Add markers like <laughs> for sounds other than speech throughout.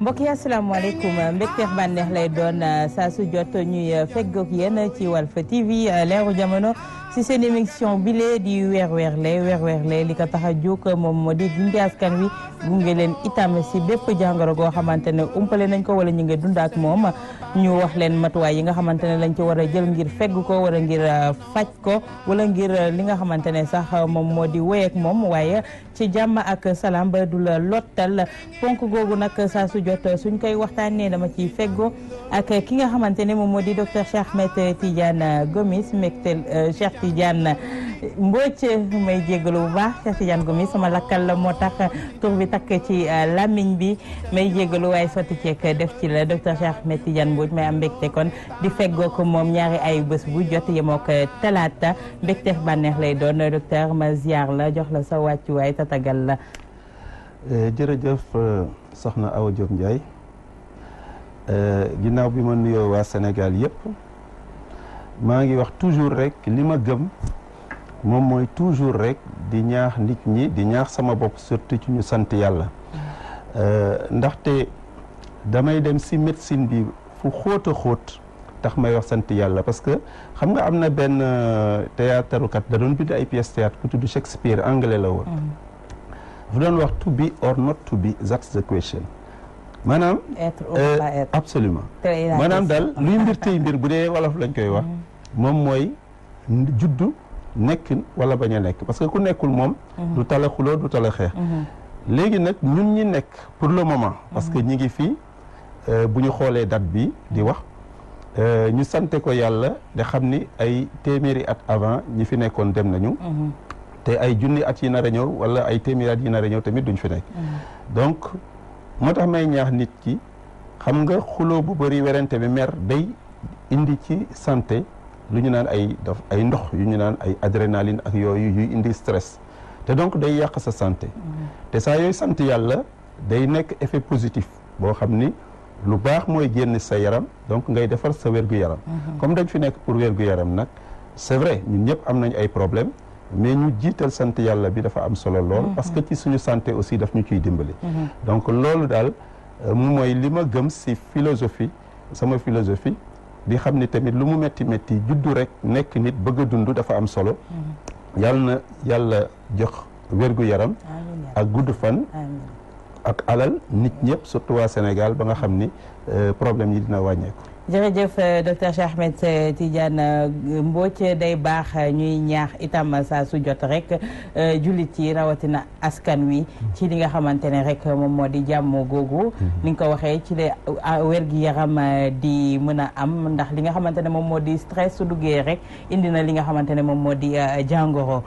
mbokk yi asalaamaaleykum mbégteex bànneex lay doon euh, saa su jot ñuy euh, feggoog yéen ci Walf TV euh, leeru jamono si seen émission bile di weer weer lay weer weer lay li ko tax a jóg moom moo di gunge askan wi gunge leen itam si bépp jàngoro goo xamante ne umpale nañ ko wala ñu ngi dund ak moom. ñu wax leen matuwaay yi nga xamante ne lañ ci war a jël ngir fegg ko wara ngir euh, faj ko wala ngir euh, li nga xamante ne sax euh, moom moo di wéy moom waaye ci jàmm ak salaam ba du la lottal ponk googu nag saa su jot suñ koy waxtaanee dama ciy feggo ak ki nga xamante ne moom moo di docteur Cheikh Ahmed Tidiane Gomis mectel Cheikh Tidiane Mbodj may jégalu bu baax Cheikh Tidiane Gomis sama lakkal la moo tax tur bi takk ci euh, làmmiñ bi may jégalu waaye sotti ceek def ci la docteur Cheikh Ahmed Tidiane Mbodj may kon di feggoo ko moom ñaari ay bés bu jot yemoo ko talaata mbégteef bànneex lay doon docteur ma ziar la jox la sa wàccuwaay tatagal la. Euh, jërëjëf euh, soxna Awa Diop Ndiaye ginnaaw bi ma nuyoo waa Sénégal yëpp maa ngi wax toujours rek li ma gëm. moom mooy toujours rek di ñaax nit ñi di ñaax sama bopp surtout ci ñu sant yàlla euh, ndaxte damay dem si médecine bi fu xóot a xóot tax may wax sant yàlla parce que xam nga am na benn euh, théâtre kat da doon bind ay pièces théâtre ku tudd Shakespeare anglais la woon mm-hmm. dafa doon wax to be or not to be that's the question maanaam euh, absolument maanaam daal luy mbir mbir bu dee wolof lañ koy wax mm-hmm. moom mooy juddu nekk wala bañ a nekk parce que ku nekkul moom mhm. du tala xuloo du mhm. léegi nag ñun ñi nekk pour le moment parce que mhm. ñi ngi fii euh, bu ñu xoolee date bi di wax euh, ñu sante ko yàlla de xam ni ay téeméeri at avant ñi fi nekkoon dem nañu te ay junni at yi nar a ñëw wala ay téeméeri at yi nar a ñëw tamit duñ fi nekk donc moo tax may ñaax nit ki xam nga xuloo bu bëri werante bi mer day indi ci santé lu ñu naan ay daf ay ndox yu ñu naan ay adrénaline ak yooyu yuy indi stress te donc day yàq sa santé te saa yooyu sant yàlla day nekk effet positif boo xam ni lu baax mooy génn sa yaram donc ngay defar sa wér-gu-yaram mhm. comme dañ fi nekk pour wér-gu-yaram nag c'est vrai ñun ñëpp am nañ ay problème mais ñu jiital sant yàlla bi dafa am solo lool mhm. parce que ci suñu santé aussi daf ñu ciy dimbali mhm. donc loolu daal euh, mu mooy li ma gëm si philosophie sama philosophie di xam ne tamit lu mu métti métti juddu rek nekk nit bëgg a dund dafa am solo mhm. yàlla yàlla jox wér yaram ak gudd fan ak alal nit ñëpp surtout waa Sénégal ba nga xam ni euh, problème yi dina wàññeeku jërëjëf euh, docteur Cheikh Ahmed euh, Tidiane euh, Mbodj day baax ñuy ñaax itam saa su jot rek jullit yi rawatina askan wi ci li nga xamante ne rek moom moo di jàmm googu mm-hmm. ni nga ko waxee ci la wér gi yaram di mën a am ndax li nga xamante ne moom moo di stress su duggee rek indi na li nga xamante ne moom moo di jàngoro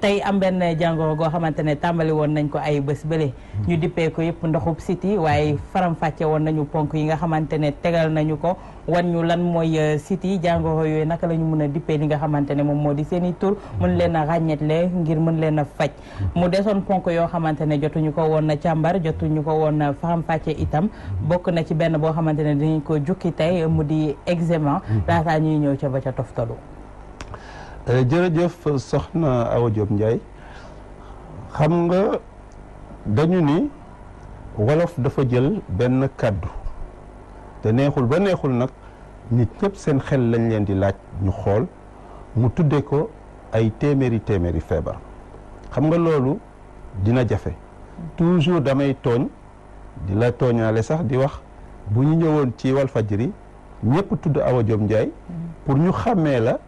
tey am benn jàngoro goo xamante ne tàmbali woon nañ ko ay bës bële mm-hmm. ñu dippee yëpp ndoxub siti waaye mm-hmm. faram fàcce woon nañu ponk yi nga xamante ne tegal nañu ko wan ñu lan mooy euh, siti yi yooyu naka lañu ñu mën a dippee li nga xamante ne moom moo di seeni i tur mën leen a ràññetle ngir mën leen a faj mu desoon ponk yoo xamante ne jotuñu ko woon càmbar jotuñu ko woon faxam fàcce itam bokk na ci benn boo xamante ne dañu ko jukki tey mu di examen laataa ñuy ñëw ca ba ca toftalu euh, jërëjëf soxna Awa Diop Ndiaye xam nga dañu ni wolof dafa jël benn kàddu te neexul ba neexul nag nit ñëpp seen xel lañ leen di laaj ñu xool mu tuddee ko ay téeméeri téeméeri feebar xam nga loolu dina jafe toujours damay tooñ di la tooñaale sax di wax bu ñu ñëwoon ci Walfajri ñëpp tudd Awa Diop Ndiaye pour ñu xàmmee la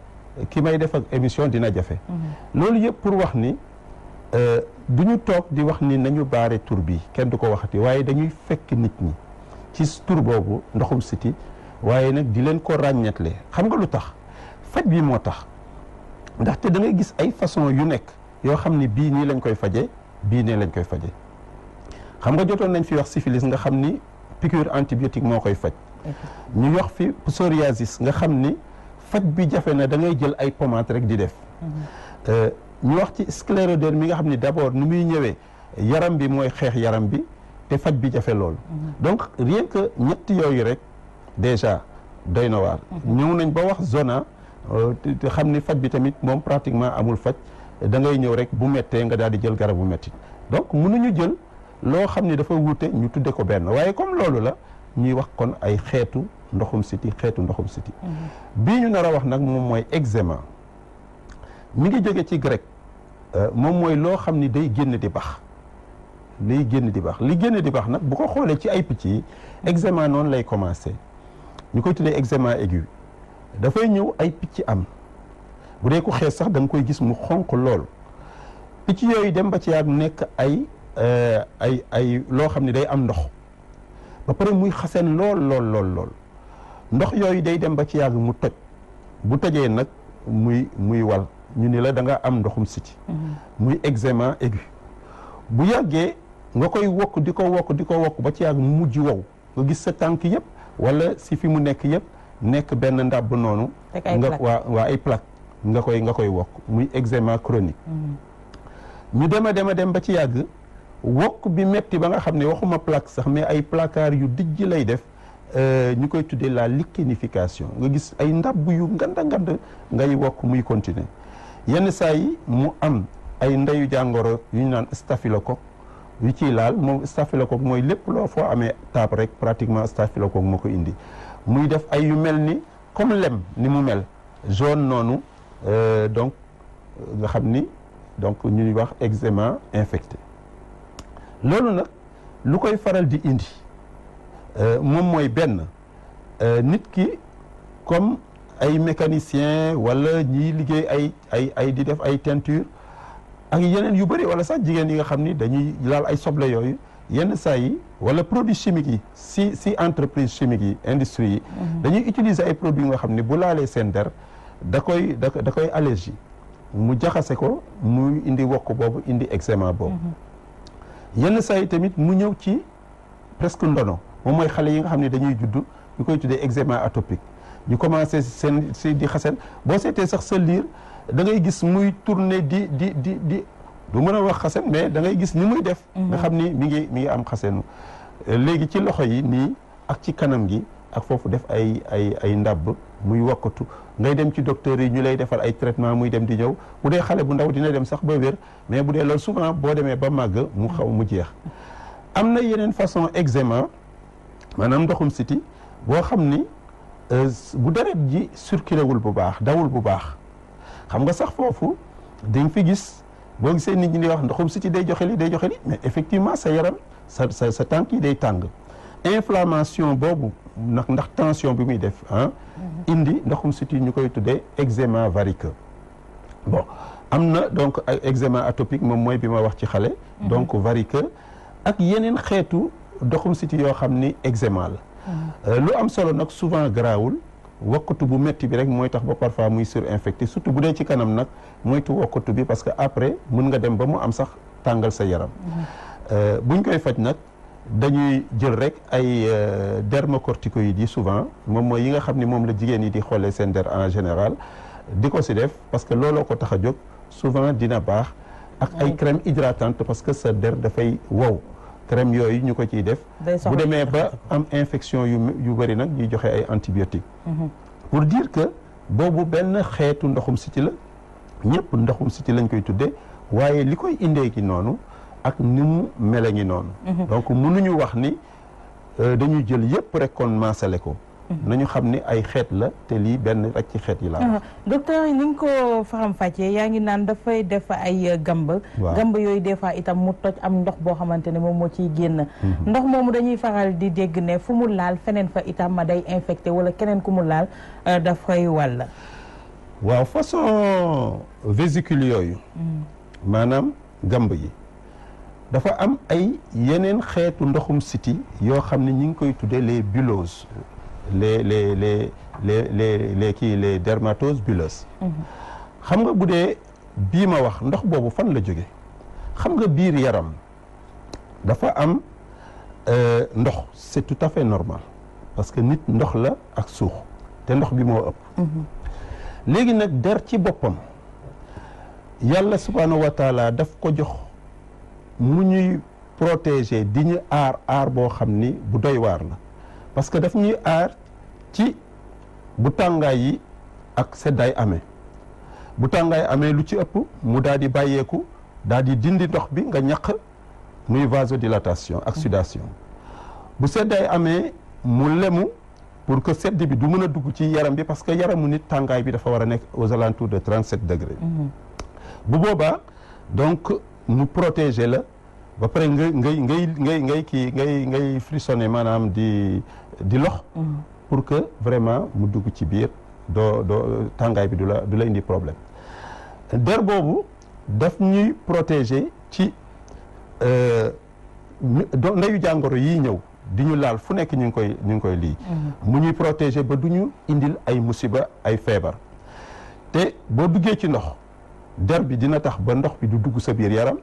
ki may def ak émission dina jafe mhm. loolu yëpp pour wax ni euh, du ñu toog di wax ni nañu baare tur bi kenn du ko waxati waaye dañuy fekk nit ñi ci tur boobu ndoxum siti waaye nag di leen ko ràññetle xam nga lu tax faj bi moo tax ndaxte da ngay gis ay façon yu nekk yoo xam ne bii nii lañ koy faje bii nee lañ koy faje xam nga jotoon nañ fi wax syphilis nga xam ni piqûre antibiotique moo koy faj ñu wax fi psoriasis nga xam ni faj bi jafe na da ngay jël ay pommade rek di def mm-hmm. euh, ñu wax ci scléroderme mi nga xam ne d'abord ni muy ñëwee yaram bi mooy xeex yaram bi te faj bi jafe loolu mm-hmm. donc rien que ñett yooyu rek déjà doy na waar. ñëw nañ ba wax zona euh, te xam ni faj bi tamit moom pratiquement amul faj da ngay ñëw rek bu méttee nga daal di jël garab bu métti donc mënuñu jël loo xam ni dafa wuute ñu tudde ko benn waaye comme loolu la ñuy wax kon ay xeetu ndoxum siti xeetu ndoxum siti mm-hmm. bii ñu nar a wax nag moom mooy eczéma mu ngi jóge ci grec euh, moom mooy loo xam ni day génn di bax liy génn di baax li génn di bax nag bu ko xoolee ci ay picc yi eczéma noonu lay commencé ñu koy tuddee eczéma aigu dafay ñëw ay picc am bu dee ko xees sax da koy gis mu xonq lool picc yooyu dem ba ci yàgg nekk ay euh, ay ay loo xam ne day am ndox ba pare muy xaseen lool lool lool lool ndox yooyu day dem ba ci yàgg mu toj bu tojee nag muy muy wal ñu ni la da nga am ndoxum siti mm-hmm. muy eczéma aigu bu yàggee nga koy wokk di ko wokk di ko wokk ba ci yàgg mu mujj wow nga gis sa tànk yëpp wala si fi mu nekk yëpp nekk benn ndàbb noonu nga waa waa ay plaque nga koy nga koy wokk muy eczéma chronique mm-hmm. ñu dem a dem dem ba ci yàgg wokk bi metti ba nga xam ne waxuma plaque sax mais ay placard yu dijj lay def euh, ñu koy tuddee la lichenification nga gis ay ndàbb yu nganda ngand ngay wokk muy continuer yenn saa yi mu am ay ndeyu jàngoro yu ñu naan ko yu ciy laal moom staphylocoque mooy lépp loo foo amee taab rek pratiquement kook moo ko indi muy def ay yu mel ni comme lem ni mu mel jaune noonu euh, donc euh, nga xam ni donc ñuy wax eczéma infecté loolu nag lu koy faral di indi euh, moom mooy benn nit ki comme ay mécanicien wala ñiy liggéey ay ay ay di def ay teinture ak yeneen yu bëri wala sax jigéen yi nga xam ni dañuy laal ay soble yooyu yenn saa yi wala produit chimiques yi si si entreprise chimique yi industrie yi mhm. dañuy utiliser ay produit yu nga xam ni bu laalee seen der da koy da da koy allergie mu jaxase ko mu indi wokk boobu indi eczéma boobu mhm. yenn saa yi tamit mu ñëw ci presque ndono moom may xale yi nga xam ne dañuy judd ñu koy tuddee eczéma atopique ñu commencé seen si di xasen boo seetee sax sa liir da ngay gis muy tourner di di di di du mën a wax xasen mais da ngay gis ni muy def mhm. nga xam ni mi ngi mi am xasenu léegi ci loxo yi nii ak ci kanam gi ak foofu def ay ay ay ndàbb muy wakkatu ngay dem ci docteur yi ñu lay defal ay traitement muy dem di ñëw bu dee xale bu ndaw dina dem sax ba wér mais bu dee loolu souvent boo demee ba màgg mu xaw mu jeex am na yeneen façon eczéma maanaam ndoxum siti boo xam ni euh, bu deret ji circulé wul bu baax dawul bu baax xam nga sax foofu dañ fi gis boo gisee nit ñi di wax ndoxum si ci day joxe li day joxe li mais effectivement sa yaram sa tànk yi day tàng inflammation boobu ndax ndax tension bi muy def ah indi ndoxum siti ñu koy tuddee eczéma variqueux bon am na donc eczéma atopique moom mooy bi ma wax ci xale mhm. donc variqueux ak yeneen xeetu ndoxum siti yoo xam ni eczéma la mhm. euh, lu am solo nag souvent garaawul wokkatu bu métti bi rek mooy tax ba parfois muy surinfecté surtout bu dee ci kanam nag moytu wokkatu bi parce que après mën nga dem ba mu am sax tàngal sa yaram. Euh, buñ koy faj nag dañuy jël rek ay euh, dermocorticoïdes yi souvent moom mooy yi nga xam ni moom la jigéen yi di xoolee seen der en général di ko si def parce que looloo ko tax a jóg souvent dina baax. ak ay crème hydratante parce que sa der dafay wow. crème yooyu ñu ko ciy def bu demee ba am infection yu yu bëri nag ñuy joxe ay antibiotiques. Mm-hmm. pour dire que boobu benn xeetu ndoxum siti la ñëpp ndoxum siti lañ koy tuddee waaye li koy indee gi noonu ak ni mu mele ngi noonu mhm. donc mënuñu wax ni euh, dañuy jël yëpp rek kon maasale ko Mhm. nañu xam ne ay xeet la te lii benn rek ci xeet yi la mhm. docteur ni nga ko faram fàccee yaa ngi naan dafay def ay euh, gamba gamba yooyu des fois itam mu toj am ndox boo xamante ne moom moo ciy génn mhm. ndox moomu dañuy faral di dégg ne fu mu laal feneen fa itam ma day infecté wala keneen ku mu laal euh, dafay wàll waaw façon vésicule yooyu maanaam gamba yi dafa am ay yeneen xeetu ndoxum siti yoo xam ne ñu ngi koy tuddee les bulloses les les les les les les kii les dermatose bulleuses xam nga bu dee bii ma wax ndox boobu fan la jóge xam nga biir yaram dafa am euh, ndox c'est tout à fait normal parce que nit ndox la ak suux te ndox bi moo ëpp léegi nag der ci boppam yàlla subhaanahu wa daf ko jox mu ñuy protéger di ñu aar aar boo xam ni bu doy waar la parce que daf ñuy aar ci bu tàngaay yi ak seddaay amee bu tàngaay amee lu ci ëpp mu daal di bàyyeeku daal di dindi ndox bi nga ñaq muy vasodilatation ak sudation bu seddaay amee mu lemu pour que sedd bi du mën a dugg ci yaram bi parce que yaramu nit tàngaay bi dafa war a nekk aux alentours de 37 degrés mhm. bu boobaa donc mu protéger la ba pare ngay ngay ngay ngay ngay kii ngay ngay frissonner maanaam di di lox mm. pour que vraiment mu dugg ci biir doo doo tàngaay bi du la du la indi problème der boobu daf ñuy protéger ci euh, do ndeyu jàngoro yi ñëw di ñu laal fu nekk ñu ngi koy ñu ngi koy lii mm. mu ñuy protéger ba du ñu indil ay musiba ay feebar te boo duggee ci ndox der bi dina tax ba ndox bi du dugg sa biir yaram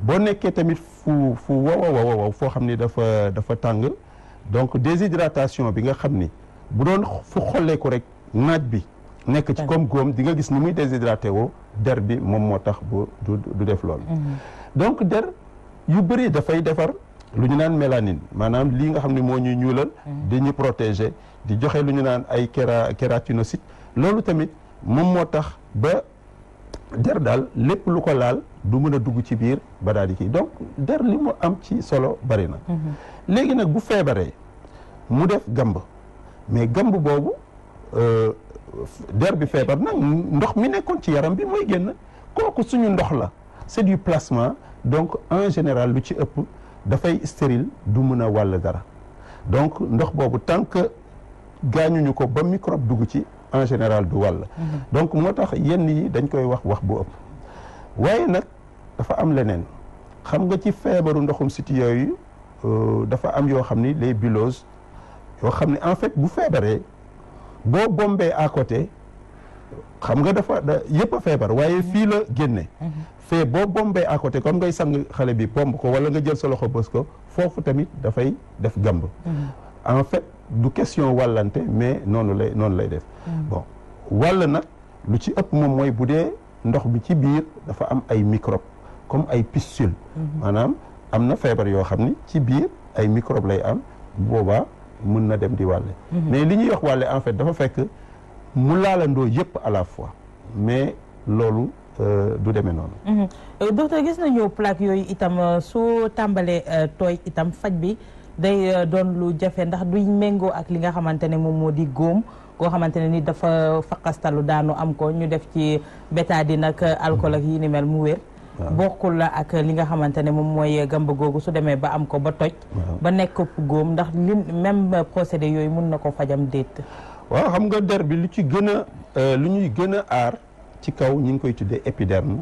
boo nekkee tamit fu fu wow foo xam ni dafa dafa tàng donc déshydratation bi nga xam ni bu doon fu xolleeku rek naaj bi nekk ci comme góom di nga gis ni muy déshydraté woo der bi moom moo tax bu du def loolu mm-hmm. donc der yu bëri dafay defar lu ñu naan mélanine maanaam lii nga xam ne moo ñuy ñuulal mm-hmm. di ñu protéger di joxe lu ñu naan ay kératinocyte loolu tamit moom moo tax ba der daal lépp lu ko laal du mën a dugg ci biir ba di kii donc der li mu am ci solo bari na. Mhm. léegi nag bu feebaree mu def gamb mais gamb boobu euh, der bi feebar nag ndox mi nekkoon ci yaram bi mooy génn kooku suñu ndox la c'est du plasma donc en général lu ci ëpp dafay stérile du mën a wàll dara donc ndox boobu tant que gaañuñu ko ba microbe dugg ci. en général du wàll. Mhm. donc moo tax yenn yi dañ koy wax wax bu ëpp. waaye nag dafa am leneen xam nga ci feebaru ndoxum siti yooyu euh, dafa am yoo xam ni les biloses yoo xam ne en fait bu feebaree boo bombee à côté xam nga dafa da yëpp a feebar waaye mhm. fii la génne. Mhm. fee boo bombee à côté comme ngay sang xale bi bomb ko wala nga jël sa loxo bës ko foofu tamit dafay def gamb en du question wàllante mais noonu lay noonu lay def mm. bon wàll nag lu ci ëpp moom mooy bu dee ndox bi ci biir dafa am ay microbe comme ay pistule mm-hmm. maanaam am na feebar yoo xam ni ci biir ay microbe lay am booba boobaa mën na dem di wàlle mm-hmm. mais li ñuy wax wàlle en fait dafa fekk mu laalandoo yëpp à la fois mais loolu euh, du demee noonu mm-hmm. euh, docteur gis nañu plaque yooyu itam euh, soo tàmbalee tooy itam faj bi day euh, doon lu jafe ndax duy méngoo ak li nga xamante ne moom moo di góom goo xamante ne ni dafa faqastalu daanu am ko ñu def ci bétadine ak euh, alcool ak yi ni mel mu wér bokkul la ak li nga xamante ne moom mooy gamba googu su demee ba am ko ba toj ba nekk góom ndax li même euh, procédé yooyu mun na ko fajam déet waaw xam nga der bi lu ci gën a lu ñuy gën a aar ci kaw ñu ngi koy tuddee épiderme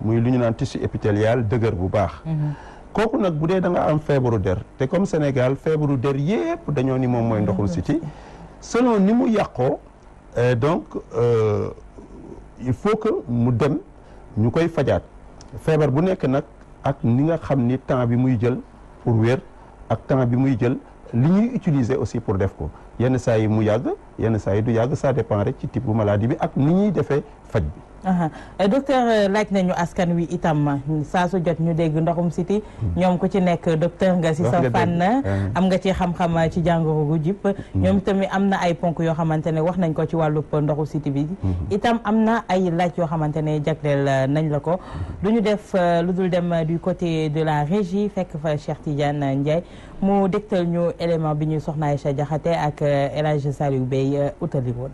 muy lu ñu naan tissu épithélial dëgër bu baax mhm. kooku nag bu dee da am feebaru der te comme Sénégal feebaru der yépp dañoo ni moom mooy ndoxum siti selon ni mu yàqoo e donc euh, il faut que mu dem ñu koy fajaat feebar bu nekk nag ak ni nga xam ni temps bi muy jël pour wér ak temps bi muy jël li ñuy utiliser aussi pour def ko yenn saa yi mu yàgg yenn saa yi du yàgg saa dépend rek ci type bu maladie bi ak ni ñuy defee faj bi Eh, docteur eh, laaj nañu askan wi itam saa su jot ñu dégg ndoxum siti hmm. ñoom ku ci nekk docteur nga si sa fànn eh. am nga ci xam-xam ci jàngoro gu jip hmm. ñoom tamit am na ay ponk yoo xamante ne wax nañ ko ci wàllub ndoxu siti bi hmm. itam am na ay laaj yoo xamante ne jagleel nañ la ko du ñu def lu dul dem du côté de la régie fekk fa Cheikh Tidiane Ndiaye mu dégtal ñu élément bi ñuy soxna Aïcha Diakhaté ak élagie Hadj Saliou Bey utali woon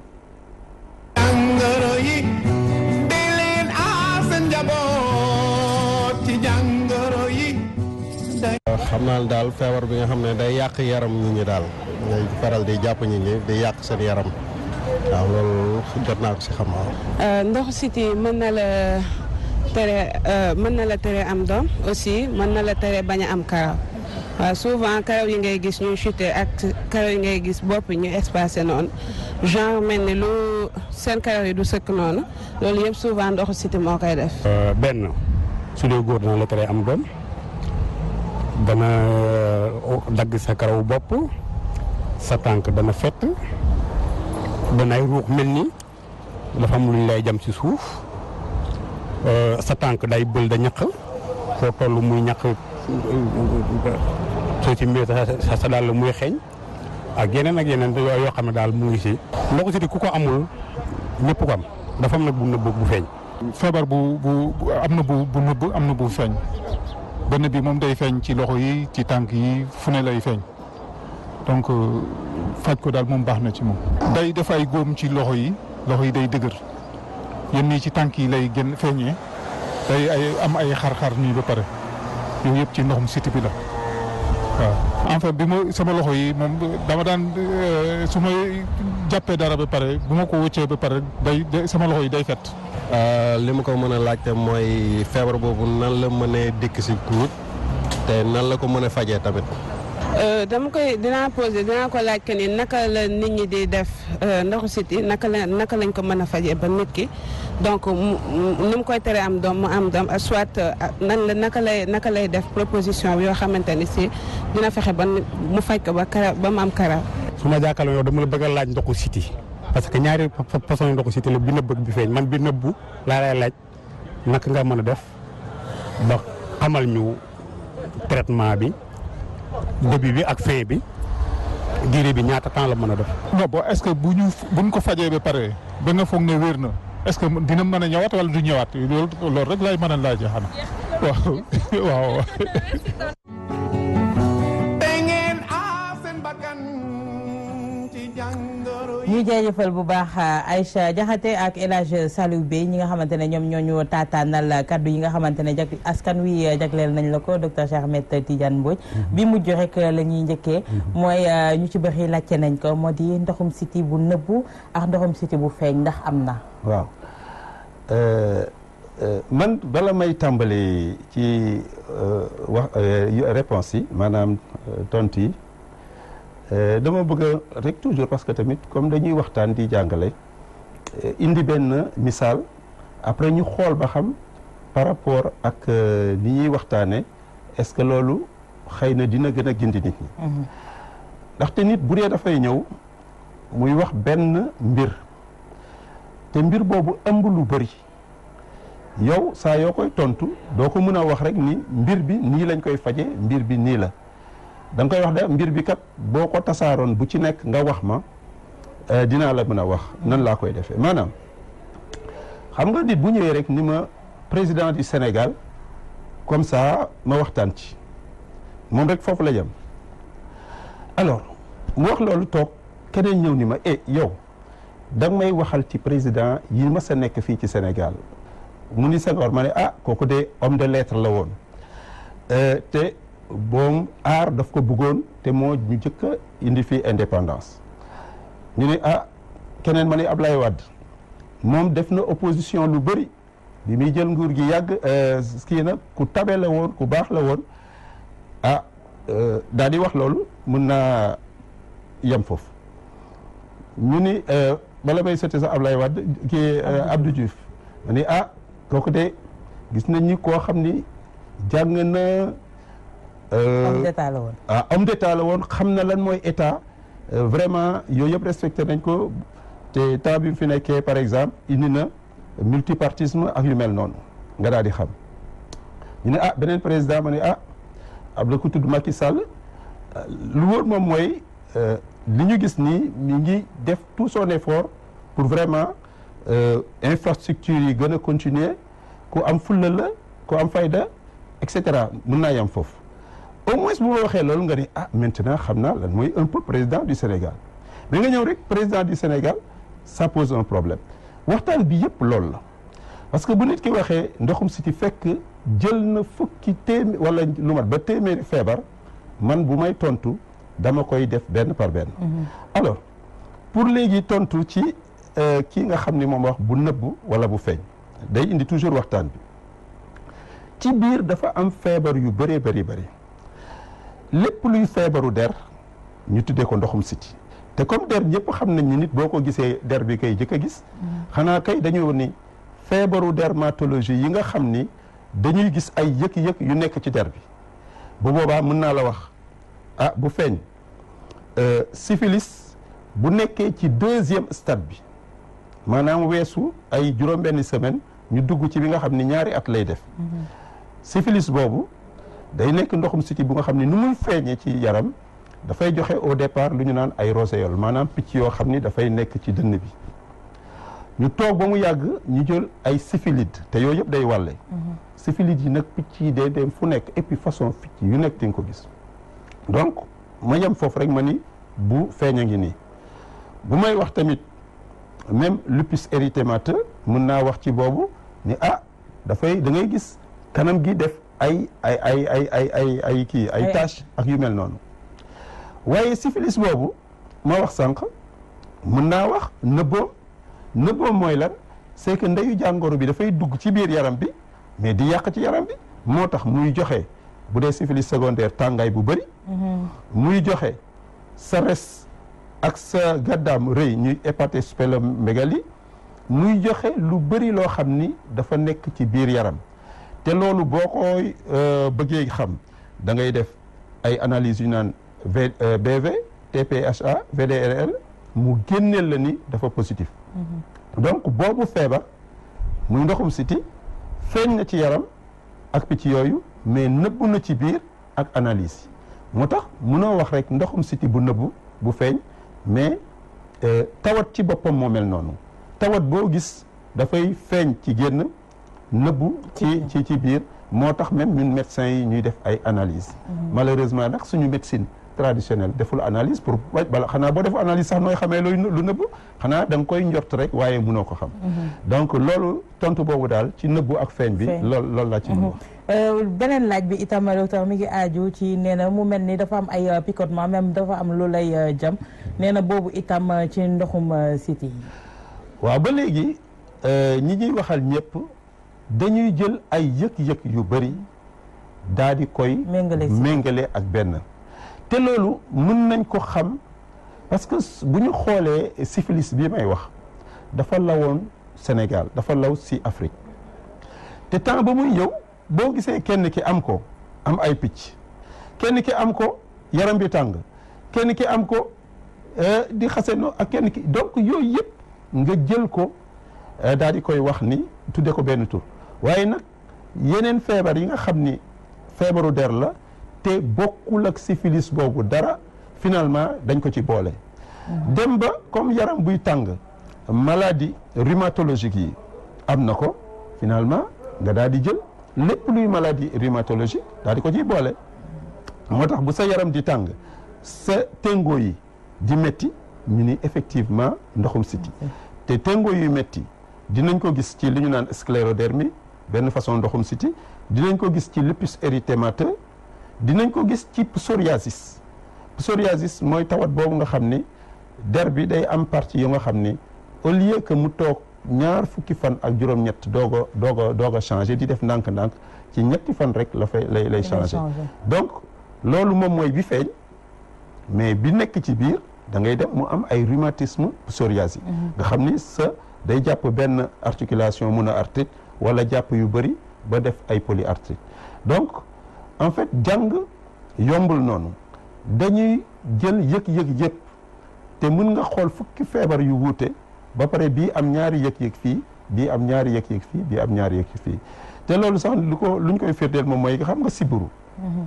naan daal feebar bi nga xam ne day yàq yaram nit ñi daal day faral di jàpp nit ñi di yàq seen yaram waaw loolu jot naa ko si xam euh, ndox siti mën na la tere euh, mën na la tere am doom aussi mën na la tere bañ am karaw waaw souvent karaw yi ngay gis ñuy chuté ak karaw yi ngay gis bopp ñu espacé noonu genre mel ni lu seen karaw yi du sëkk noonu loolu yëpp souvent ndoxu siti moo koy def euh, benn su dee góor dana la tere am doom dana euh, dagg sa karaw bopp sa tànk dana fett danay ruux mel ni dafa mu lu ñu lay jam ci suuf euh, sa tànk day bël da ñaq foo toll muy ñaq euh, soo ci mbir sa sa dàll muy xeeñ ak yeneen ak yeneen yoo xam ne daal mu ngi si. ndoxu si di ku ko amul ñëpp ko am dafa am nag bu nëbb bu feeñ. feebar bu bu am na bu bu am na bu feeñ. bënn bi moom day feeñ ci loxo yi ci tànk yi fu ne lay feeñ donc euh, faj ko daal moom baax na ci moom. day def ay góom ci loxo yi loxo yi day dëgër yenn yi ci tànk yi lay gën feeñee day ay am ay xar-xar nii ba pare yooyu yëpp ci ndoxum siti bi la waaw. en bi ma sama loxo yi moom dama daan euh, su may jàppee dara ba pare bu ma ko wëccee ba pare day sama loxo yi day fet Euh, li ma ko mën a laajte mooy feebar boobu nan la mënee dikk si nit te nan la ko mën a fajee tamit. Euh, dama koy dinaa posé dinaa ko laaj que ni naka la nit ñi di def euh, ndoxu siti naka la naka lañ ko mën a fajee ba nit ki donc mu ni mu koy am doom mu am doom soit nan la naka lay naka lay def proposition bi yoo xamante ni si dina fexe ba mu faj ko ba kara ba mu am kara su ma jàkkaarloo yow dama la bëgg laaj ndoxu siti parce que ñaari façon ndoxu cité la bi nëbb ak bi feeñ man bi nëbbu laa lay laaj naka nga mën a def ba amal ñu traitement bi début bi ak fee bi durée bi ñaata temps la mën a def. non bon est-ce que bu ñu bu ñu ko fajee ba pare ba nga foog ne wér na est-ce que dina mën a ñëwaat wala du ñëwaat loolu loolu rek laay mën a laajee xanaa waaw. <laughs> ñu jaajëfal bu baax euh, Aïcha Diakhaté ak El Hadj Saliou ñi nga xamante ne ñoom ñoo ñu taataanal kaddu yi nga xamante ne jag askan wi euh, jagleel nañ la ko docteur Cheikh Ahmed Tidiane Mbodj mhm. bi mujj rek euh, la ñuy njëkkee mhm. mooy ñu ci bëri laajte nañ ko moo di ndoxum siti bu nëbbu ak ndoxum siti bu feeñ ndax am na waaw man bala may tàmbali ci wax réponse yi maanaam tontu yi Euh, dama bëgg a rek toujours parce que tamit comme dañuy waxtaan di jàngale euh, indi benn misaal après ñu xool ba xam par rapport ak euh, ni ñuy waxtaane est-ce que loolu xëy na dina gën a gindi nit ñi mhm. ndaxte nit bu dee dafay ñëw muy wax benn mbir te mbir boobu ëmb lu bëri yow saa yoo koy tontu doo ko mën a wax rek ni mbir bi nii lañ koy faje mbir bi nii la danga koy wax de mbir bi kat boo ko tasaaroon bu ci nekk nga wax ma euh, dinaa la mën a wax nan laa koy defee maanaam xam nga nit bu ñëwee rek ni ma président du Sénégal comme ça ma waxtaan ci moom rek foofu la jëm alors mu wax loolu toog keneen ñëw ni ma eh yow da may waxal ci président yi ma sa nekk fii ci Sénégal mu ni Senghor ma ne ah kooku de homme de lettres la woon euh, te boom aar daf ko bëggoon te moo ñu njëkk indi fii indépendance ñu ne ah keneen ma ne Ablaye Wade moom def na opposition lu bari bi muy jël nguur gi yàgg euh, kii nag ku tabe la woon ku baax la woon ah euh, daal di wax loolu mun naa yem foofu ñu ni euh, bala may sotti sax Ablaye Wade kii Abdou Diouf ma ni ah kooku de gis nañ ni koo xam ni jàng na Euh, homme d'état la woon. ah homme la woon xam na lan mooy état euh, vraiment yooyu yëpp respecté nañ ko te temps bi fi nekkee par exemple indi na multipartisme ak yu mel noonu nga daal di xam ñu ne ah beneen président ma ne ah ab la ku tudd Macky Sall euh, lu wóor moom mooy li ñu gis nii mu ngi def tout son effort pour vraiment infrastructure yi gën a continuer ku am fulla la ku am fayda et cetera mun naa yam foofu. au moins bu ma waxee loolu nga ni ah maintenant xam naa lan mooy un peu président du Sénégal da nga ñëw rek président du Sénégal ça pose un problème waxtaan bi yëpp loolu la parce que bu nit ki waxee ndoxum si ci fekk jël na fukki téeméer wala lu mat ba téeméeri feebar man bu may tontu dama koy def benn par benn. Mm-hmm. alors pour léegi tontu ci euh, kii nga xam ni moom wax bu nëbbu wala bu feeñ day indi toujours waxtaan bi ci biir dafa am feebar yu bëree bëri bëri. lépp luy feebaru der ñu tuddee ko ndoxum siti te comme der ñëpp xam nañ nit boo ko gisee der bi kay jëkk a gis xanaa kay dañu ni feebaru dermatologie yi nga xam ni dañuy gis ay yëkk-yëkk yu nekk ci der bi bu boobaa mën naa la wax ah bu feeñ euh, syphilis bu nekkee ci deuxième stade bi maanaam weesu ay juróom-benni semaine ñu dugg ci bi nga xam ni ñaari at lay def mm-hmm. syphilis boobu day nekk ndoxum siti bu nga xam ne nu muy feeñee ci yaram dafay joxe au départ lu ñu naan ay roséole maanaam picc yoo xam ni dafay nekk ci dënn bi ñu toog ba mu yàgg ñu jël ay syphilide te yooyu yëpp day wàlle mm-hmm. syphilide yi nag picc yi day dem fu nekk et façon picc yu nekk di nga ko gis donc ma yem foofu rek ma ni bu feeñ ngi nii bu may wax tamit même lupus érythémateux mën naa wax ci boobu ni ah dafay dangay gis kanam gi def ay ay ay ay ay ay ay kii ay tâche ak yu mel noonu waaye syphilis boobu ma wax sànq mën naa wax nëbboom nëbboom mooy lan c'est que ndeyu jàngoro bi dafay dugg ci biir yaram bi mais di yàq ci yaram bi moo tax muy joxe bu dee syphilis secondaire tàngaay bu bëri mhm. muy joxe sa res ak sa gàddaam rëy ñuy hépatite splenomégalie muy joxe lu bari loo xam ni dafa nekk ci biir yaram te loolu boo koy euh, bëggee xam da ngay def ay analyses yu naan V euh, BV TPHA VDRL mu génneel la ni dafa positif. Mm-hmm. donc boobu feebar muy ndoxum siti feeñ na ci yaram ak picc yooyu mais nëbbu na ci biir ak analyse moo tax munoo wax rek ndoxum siti bu nëbbu bu feeñ mais euh, tawat ci boppam moo mel noonu tawat boo gis dafay feeñ ci génn. nëbbu ci ci ci biir moo tax même ñun médecins yi ñuy def ay analyse mhm. malheureusement nag suñu médecine traditionnelle deful analyse pour bala xanaa boo defu analyse sax nooy xamee looy lu nëbbu xanaa da nga koy njort rek waaye mënoo ko xam mhm. donc loolu tontu boobu daal ci nëbbu ak feeñ bi lool loolu laa ci mën mhm. euh, beneen laaj bi itam docteur mi ngi aaju ci nee na mu mel ni dafa am ay euh, picotement même dafa am lu lay euh, jam nee na boobu itam ci ndoxum siti yi ba léegi ñi ñuy waxal ñëpp dañuy jël ay yëg-yëg yu bëri daal di koy méngale ak benn te loolu mën nañ koo xam parce que bu ñu xoolee syphilis bi may wax dafa lawoon Sénégal dafa law si Afrique te temps ba muy ñëw boo gisee kenn ki am ko am ay picc kenn ki am ko yaram bi tàng kenn ki am ko eh, di xaseno ak kenn ki donc yooyu yëpp nga jël ko eh, daal di koy wax ni tudde ko benn tur waaye nag yeneen feebar yi nga xam ni feebaru der la te bokkul ak syphilis boobu dara finalement dañ ko ci boole. dem ba comme yaram buy tàng maladie rhumatologique yi am na ko finalement nga daal di jël lépp luy maladie rhumatologique daal di ko ciy boole. moo tax bu sa yaram di tàng sa tengo yi di métti ñu ni effectivement ndoxum siti te tengo yi métti dinañ ko gis ci li ñu naan sclérodermie benn façon ndoxum siti dinañ ko gis ci lupus érythémateux dinañ ko gis ci psoriasis psoriasis mooy tawat boobu nga xam ni der bi day am partie yu nga xam ni au lieu que mu toog ñaar fukki fan ak juróom-ñett doog a doog a doog di def ndànk-ndànk ci ñetti fan rek la fay lay lay donc loolu moom mooy bi feeñ mais bi nekk ci biir da ngay dem mu am ay rhumatisme psoriasis mhm. nga xam ni sa day jàpp benn articulation mun a arthrite wala jàpp yu bëri ba def ay polyarthrite donc en fait jàng yombul noonu dañuy jël yëg-yëg yëpp te mën nga xool fukki feebar yu wuute ba pare bii am ñaari yëg-yëg fii bii am ñaari yëg-yëg fii bii am ñaari yëg fii te loolu sax lu ko lu ñu koy firndeel moom mooy xam nga siburu mm-hmm.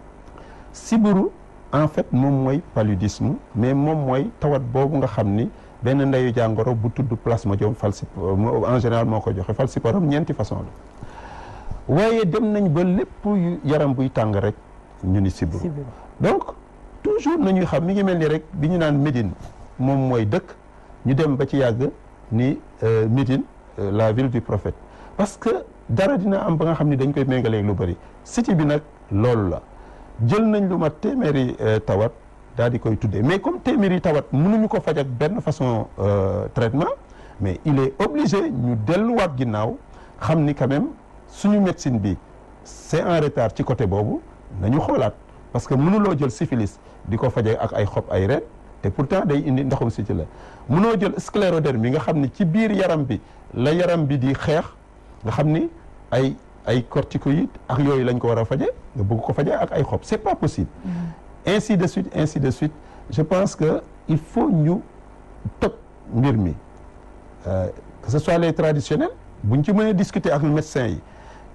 siburu en fait moom mooy paludisme mais moom mooy tawat boobu nga xam ni benn ndeyu jàngoro bu tudd place ma plasmodium euh, moo en général moo ko joxe falciparum ñeenti façon la waaye dem nañ ba lépp yaram buy tàng rek ñu ni sibbiru donc toujours nañuy xam mi ngi mel ni rek bi ñu naan Médine moom mooy dëkk ñu dem ba ci yàgg ni euh, Médine euh, la ville du prophète parce que dara dina am ba nga xam ni dañ koy méngaleeg lu bëri cité bi nag loolu la jël nañ lu mat téeméeri tawat daal di koy tuddee mais comme téeméeri tawat mënuñu ko faj ak benn façon euh, traitement mais il est obligé ñu delluwaat ginnaaw xam ni quand même suñu médecine bi c'est en retard ci côté boobu nañu xoolaat parce que mënuloo jël syphilis di ko faje ak ay xob ay reen te pourtant day indi ndoxum si ci la munoo jël scléroderme bi nga xam ni ci biir yaram bi la yaram bi di xeex nga xam ni ay ay corticoïdes ak yooyu lañ ko war a faje nga bëgg ko faje ak ay xob c'est ainsi de suite ainsi de suite je pense que il faut ñu toj mbir mi euh, que ce soit les traditionnels buñ ci mënee discuter ak médecins yi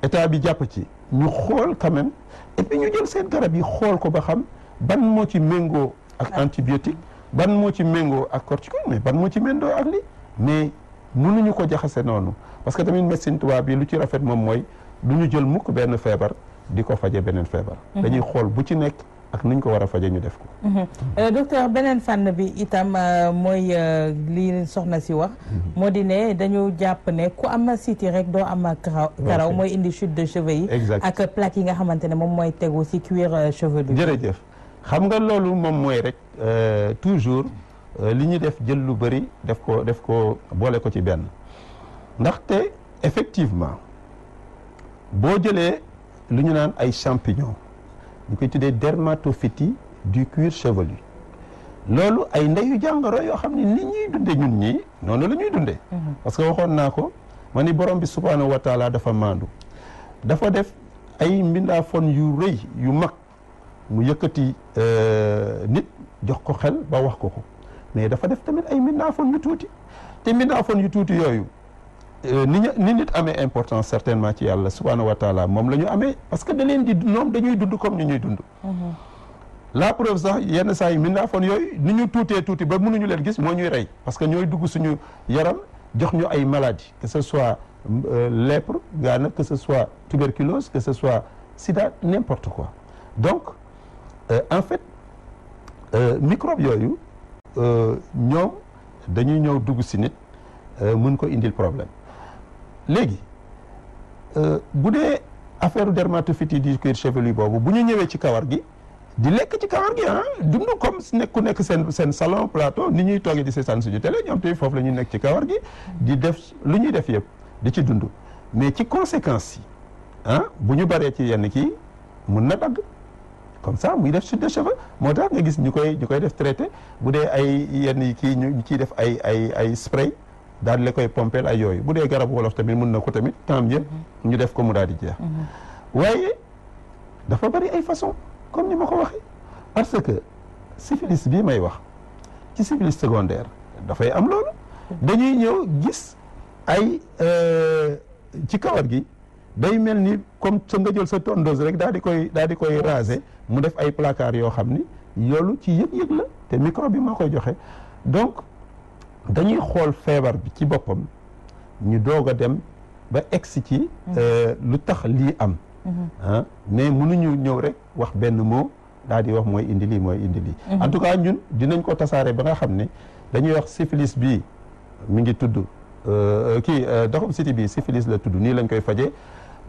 état bi jàpp ci ñu xool quand même et puis ñu jël seen garab yi xool ko ba xam ban moo ci méngoo ak antibiotique ban moo ci méngoo ak corticoïde mais ban moo ci méngoo ak li mais mënuñu ko jaxase noonu parce que tamit médecine tubaab bi lu ci rafet moom mooy lu ñu jël mukk benn feebar di ko faje beneen feebar mhm. dañuy ci nekk ak nuñ ko war a faje ñu def ko. Mhm. Euh, docteur beneen fànn bi itam euh, mooy euh, li soxna si wax. Mhm. moo di ne dañu jàpp ne ku am siti rek doo am karaw mooy indi chute de cheveux yi. ak plaque yi nga xamante ne moom mooy tegu si cuir chevelu. jërëjëf xam nga loolu moom mooy rek toujours li ñu def jël lu bëri def ko def ko boole ko ci benn ndaxte effectivement boo jëlee lu ñu naan ay champignon ñu koy tuddee dermatophytie du cuir chevelu loolu ay ndeyu jàngoro yoo xam ne nit ñuy dunde ñun ñii noonu la ñuy dundee mhm. parce que waxoon naa ko ma ni borom bi subhaanahu wa taala dafa maandu dafa def ay mbindaafon yu rëy yu mag mu yëkkati euh, nit jox ko xel ba wax ko ko mais dafa def tamit ay mbindaafon yu tuuti te mbindaafon yu tuuti yooyu Euh, ni ñu ni nit amee importance certainement ci yàlla subhaanahu wa taala moom lañu amee parce que da leen di ñoom dañuy dund comme ni ñuy dund mm-hmm. la preuve sax yenn saa yi mindaafoon yooyu ni ñu tuutee tuuti ba mënuñu leen gis moo ñuy rey parce que ñooy dugg suñu yaram jox ñu ay maladie que ce soit euh, lèpre ngaa nag que ce soit tuberculose que ce soit sida n'importe quoi donc euh, en fait euh, microbe yooyu ñoom dañuy ñëw dugg si nit mën ko indil problème léegi euh, bu dee affaire dermatophyte yi di cuir chevelu boobu bu ñu ñëwee ci kawar gi di lekk ci kawar gi ah dund comme nekk ku nekk seen seen salon plateau ni ñuy toogee di seetaan suñu télé ñoom tey foofu la ñuy nekk ci kawar gi di def lu ñuy def yëpp di ci dund mais ci conséquences yi ah bu ñu baree ci yenn ki mun na dagg comme ça muy def chute de cheveux moo tax nga gis ñu koy ñu koy def traité bu dee ay yenn kii ñu ciy def ay ay ay spray daal di la koy pompeel ay yooyu bu dee garabu wolof tamit mun na ko tamit temps yëpp mhm. ñu def ko mu daal di jeex. Mhm. waaye dafa bari ay façon comme ni ma ko waxee parce que syphilis bii may wax ci syphilis secondaire dafay am loolu. Mhm. dañuy ñëw gis ay euh, ci kawar gi day mel ni comme sa nga jël sa tondeuse rek daal di koy daal di koy raser mu def ay placard yoo xam ni loolu ci yëg-yëg la te microbe bi moo koy joxe dañuy xool feebar bi ci boppam ñu doog a dem ba egsi ci mhm. euh, lu tax lii am mhm. ah lu mënuñu ñëw rek wax benn mot daa di wax mooy indi lii mooy indi lii mhm. en tout cas ñun dinañ ko tasaare ba nga xam ne dañuy wax syphilis bii mu ngi tudd euh, kii euh, doxum siti bi syphilis la tudd nii lañ koy fajee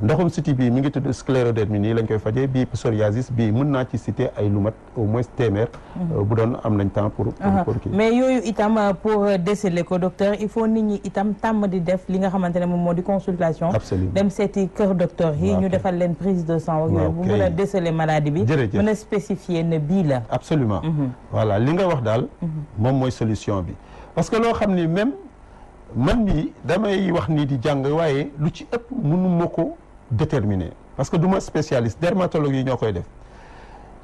ndoxum siti bii mi ngi tudd sclérodermie nii lañ koy fajee bii psoriasis bii mën naa ci citer ay lu mat au moins téeméer. Mhm. Euh, bu doon am nañ temps pour. mais yooyu itam euh, pour euh, déceler ko docteur il faut nit ñi itam tàmm di def li nga xamante ne moom moo di consultation. dem seeti kër docteur yi. ñu defal leen prise de sang. waaw bu mën a déceler maladie bi. jërëjëf a spécifier ne bii la. absolument mhm. voilà li nga wax daal. Mhm. moom mooy solution bi parce que loo xam ni même man mii damay wax ni di jàng waaye lu ci ëpp mënu ma déterminer parce que du ma spécialiste dermatologue yi ñoo koy def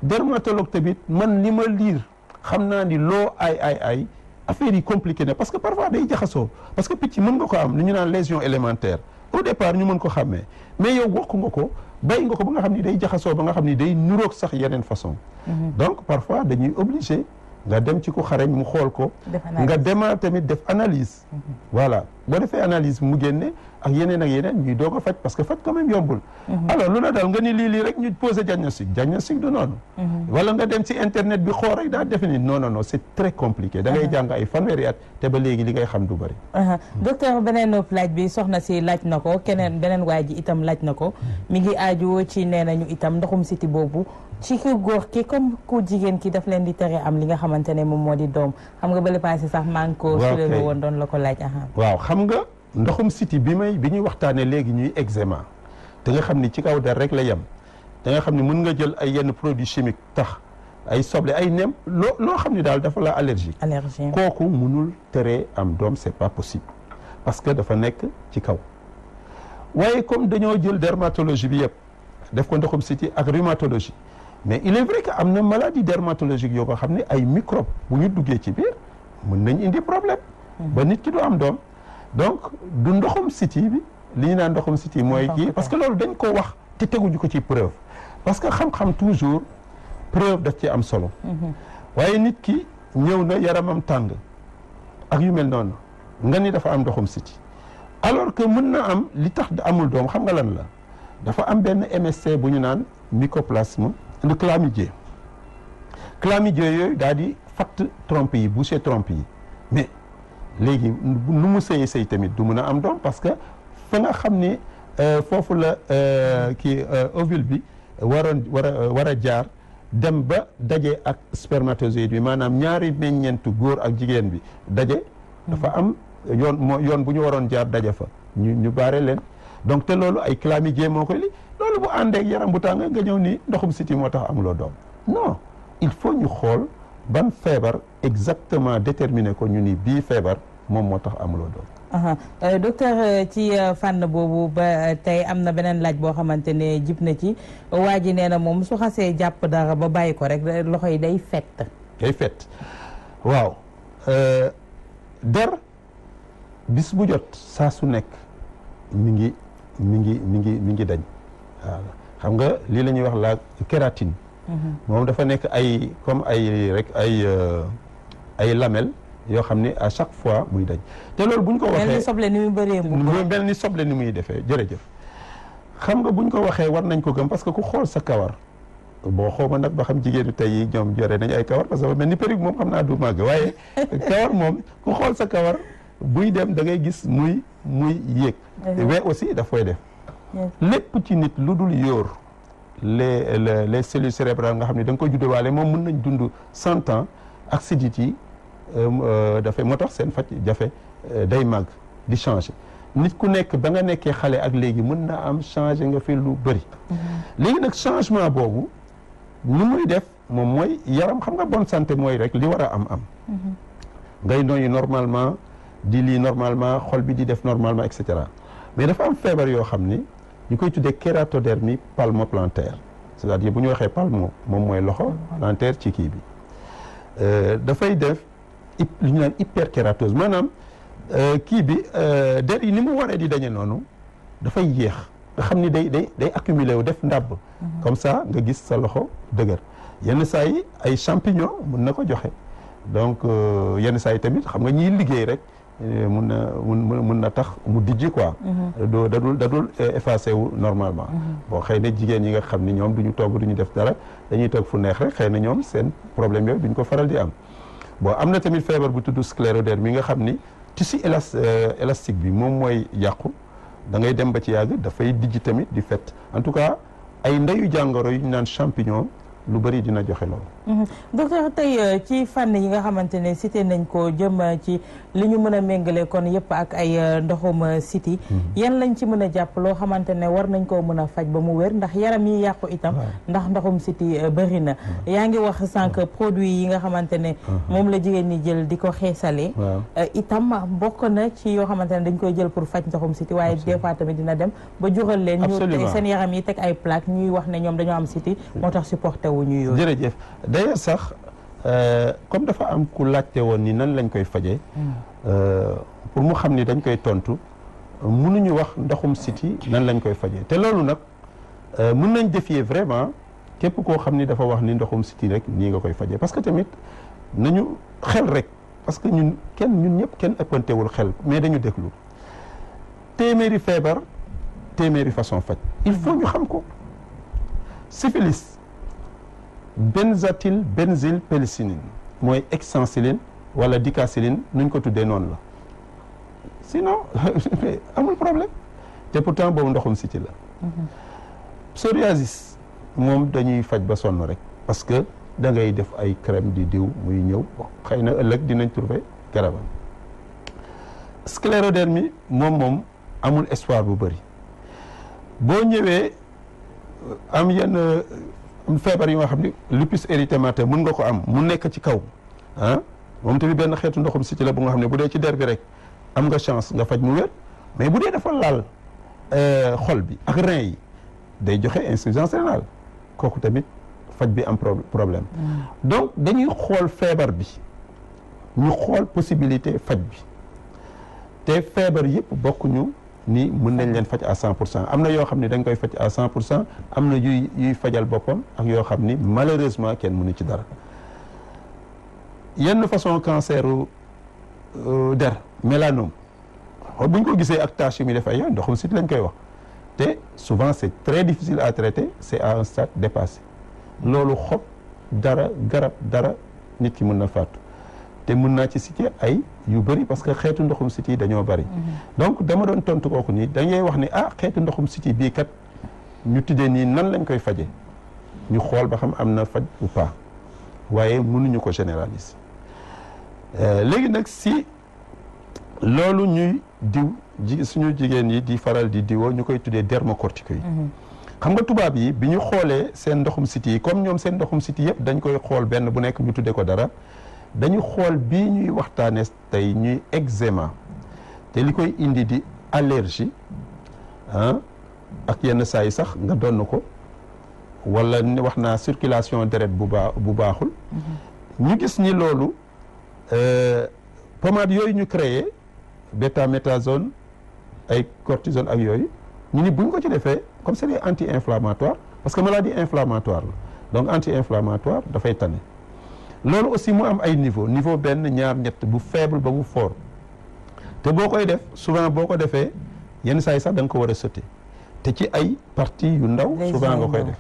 dermatologue tamit man li ma liir xam naa ni loo ay ay ay affaire yi compliqué na parce que parfois day jaxasoo parce que picc mën nga ko am lu ñu naan lésion élémentaire au départ ñu mën ko xàmmee mais yow wokk nga ko bàyyi nga ko ba nga xam ni day jaxasoo ba nga xam ni day nuroog sax yeneen façon mm-hmm. donc parfois dañuy obligé nga dem ci ko xarañ mu xool ko nga demaat tamit def analyse mm-hmm. voilà boo defee analyse mu génne ak yeneen ak yeneen ñuy doog a faj parce que faj quand même yombul mhm. alors lu la daal nga ni lii lii rek ñu posé diagnostic diagnostic du noonu mhm. wala nga dem ci internet bi xool rek daa defe ni non non c'est très compliqué da mhm. jàng ay fanweeri at te ba léegi li ngay xam du bëri uh-huh. docteur beneen laaj bi soxna si laaj na ko keneen beneen waay ji itam laaj na ko mi ngi aaju ci nee nañu itam ndoxum siti boobu ci ku góor ki comme ku jigéen ki daf leen di tere am li nga xamante ne moom moo di doom xam nga bële passé sax maa ngi doon la ko laaj aha waaw ndoxum siti bi may bi ñuy waxtaanee léegi ñuy eczéma te nga xam ni ci kaw der rek la yem da nga xam ni mën nga jël ay yenn produit chimiques tax ay soble ay nem loo loo xam ni daal dafa la allergie. allergie kooku mënul tere am doom c'est pas possible parce que dafa nekk ci kaw waaye comme dañoo jël dermatologie bi yëpp def ko ndoxum siti ak rhumatologie mais il est vrai que am na maladie dermatologique yoo ko xam ne ay microbe bu ñu duggee ci biir mën nañ indi problème hmm. ba nit ki du am doom. donc du ndoxum city bi li ñu naan ndoxum city mooy kii parce que loolu dañ ko wax te teguñu ko ci preuve parce que xam-xam toujours preuve daf ci am solo mhm. waaye nit ki ñëw na yaramam tàng ak yu mel noonu nga ni dafa am ndoxum city alors que mën na am li tax amul doom xam nga lan la dafa am benn MSC bu ñu naan mycoplasme de chlamydia chlamydia yooyu daal di fatt trompe yi boucher trompe yi mais léegi nu mu sëy sëy tamit du mun a am doom parce que fa nga xam ne euh, foofu la euh, kii euh, ovule bi waroon war a war a jaar dem ba daje ak spermatozoïde bi maanaam ñaari meññeentu góor ak jigéen bi daje dafa am yoon moo yoon bu ñu waroon jaar daje fa ñu ñu baare leen donc te loolu ay chlamydia moo koy li loolu bu àndeek yaram bu tàng nga ñëw ni ndoxum siti moo tax amuloo doom non il faut ñu xool ban feebar exactement déterminer ko ñu ni bii feebar moom moo tax amuloo doon Uh -huh. uh, ci euh, fànn boobu ba euh, tey am na beneen laaj boo xamante ne jib na ci waa ji nee na moom su xasee jàpp dara ba bàyyi ko rek loxo yi day fett day fett waaw euh, der bis bu jot saa su nekk mu ngi mu ngi mu ngi mi ngi dañ waaw xam nga lii la ñuy wax la kératine moom dafa nekk ay comme ay rek ay euh, ay lamelles yoo xam ni à chaque fois muy daj te loolu buñ ko waxee mel ni soble ni muy bëree mel ni soble ni muy defee jërëjëf xam nga buñ ko waxee war nañ ko gëm parce que ku xool sa kawar boo xooma nag ba xam jigéenu tey yi ñoom jore nañ ay kawar parce que mel ni périg moom xam naa du màgg waaye <laughs> kawar moom ku xool sa kawar buy dem da ngay gis muy muy yéeg mais aussi daf koy def lépp ci nit lu dul yóor les les cellules cérébrales nga xam ni da koy koy waale moom mun nañ dund cent ans ak sidit yi euh, euh, dafay moo tax seen faj jafe euh, day màgg di changé nit ku nekk ba nga nekkee xale ak léegi mën na am changé nga fi lu bëri mm-hmm. léegi nag changement boobu nu muy def moom mooy yaram xam nga bonne santé mooy rek li war a am am mm-hmm. ngay noyyi normalement di lii normalement xol bi di def normalement et cetera mais dafa am feebar yoo xam ni ñu koy tuddee kératodermie palmoplantaire c'est-à-dire bu ñu waxee palmo moom mooy loxo plantaire ci kii bi euh, dafay def li ñu naan hyperkératose maanaam euh, kii bi euh, der yi ni mu waree di dañe noonu dafay yéex nga xam ni day day day accumulé wu def ndàbb mm-hmm. comme ça nga gis sa loxo dëgër yenn saa yi ay champignon mën na ko joxe donc yenn saa yi tamit xam nga ñiy liggéey rek Eh, mun na mun mun na tax mu dijji quoi. Mm-hmm. doo dadul dadul eh, effacé wu normalement. Mm-hmm. boo xëy jigéen ñi nga xam ni ñoom du ñu togg du ñu def dara dañuy toog fu neex rek xëy na ñoom seen problème yooyu duñ ko faral di am. bon am na tamit feebar bu tudd scléroderme mi nga xam ni tissu élas eh, élastique bi moom mooy yàqu da ngay dem ba ci yàgg dafay dijj tamit di fet en tout cas ay ndeyu jàngoro yu ñu naan champignon lu bëri dina joxe loolu. Mhm. docteur tey euh, ci fànn yi nga xamante ne cité nañ ko jëm euh, ci li ñu mën a méngale kon yëpp ak ay euh, ndoxum siti mhm. yan lañ ci mën a jàpp loo xamante ne war nañ koo mën a faj ba mu wér ndax yaram yi yàqu itam ndax ndoxum cité bëri na yaa ngi wax sànq produits yi nga xamante ne mhm. moom la jigéen ñi jël di ko xeesale itam bokk na ci yoo xamante ne dañ koy jël pour faj ndoxum siti waaye des tamit dina dem ba jural leen ñu seen yaram yi teg ay plaque ñuy wax ne ñoom dañoo am cité moo tax supporté wu ñu yooyu d'ailleurs sax euh, comme dafa am ku laajte woon ni nan lañ koy fajee euh, pour mu xam ni dañ koy tontu mënuñu wax ndoxum siti nan lañ koy fajee te loolu nag euh, mën nañ défier vraiment képp koo xam ni dafa wax ni ndoxum siti rek nii nga koy fajee parce que tamit nañu xel rek parce que ñun kenn ñun ñëpp kenn ëppantewul xel mais dañu déglu téeméeri feebar téeméeri façon faj il faut ñu xam ko syphilis benzatil benzil pénicilline mooy extensiline wala dicacilline nuñ ko tuddee noonu la sinon <laughs> amul problème te pourtant boobu ndoxum si ci la psoriasis moom dañuy faj ba sonn rek parce que da ngay def ay crème di diw muy ñëw xëy na ëllëg dinañ trouver garabam sclérodermie moom moom amul espoir bu bëri boo ñëwee am yenn feebar yi nga xam ni lupus érythémateux mun nga ko am mu nekk ci kaw ah moom tamit benn xeetu ndoxum si ci la bu nga xam ne bu dee ci der bi rek am nga chance nga faj mu wér mais bu dee dafa laal euh, xol bi ak rein yi day joxe insuffisance rénale kooku tamit faj bi am problème mm. donc dañuy xool feebar bi ñu xool possibilité faj bi te feebar yëpp bokkuñu ni mun nañ leen faj à cent pour cent am na yoo xam ni dañ koy faj à cent pour cent am na yuy yuy fajal boppam ak yoo xam ni malheureusement kenn mënu ci dara yenn façon canceru euh, der mélanome xaw buñ ko gisee ak tâche yu muy def ay yoon ndoxum sit lañ koy wax te souvent c'est très difficile à traiter c'est à un stade dépassé loolu xob dara garab dara nit ki mën na fàttu te mun naa ci cité ay yu bëri parce que xeetu ndoxum cité yi dañoo bari mhm. donc dama doon tontu kooku nii dañuy wax ni ah xeetu ndoxum cité bii kat ñu tuddee nii nan lañ koy faje ñu xool ba xam am na faj ou pas waaye mënuñu ko généraliser. Euh, léegi nag si loolu ñuy diw ji suñu jigéen yi di faral di diwoo ñu koy tuddee dermocorticoïde yi mhm. xam nga tubaab yi bi ñu xoolee seen ndoxum cité yi comme ñoom seen ndoxum cité yëpp dañ koy xool benn bu nekk ñu tuddee ko dara. dañu xool bi ñuy waxtaane tey ñuy eczéma te li koy indi di allergie ah ak yenn saa yi sax nga donn ko wala ni wax naa circulation deret bu baax bu baaxul mm-hmm. ñu gis ni loolu euh, pommade yooyu ñu créer créé bêta zone ay cortisone ak yooyu ñu ni buñ ko ci defee comme c'est anti inflammatoire parce que maladie inflammatoire la donc anti inflammatoire dafay tane loolu aussi mu am ay niveau niveau benn ñaar ñett bu faible ba bu fort te boo koy def souvent boo ko defee yenn saa yi sax da ko war a sauter te ci ay partie yu ndaw souvent nga koy def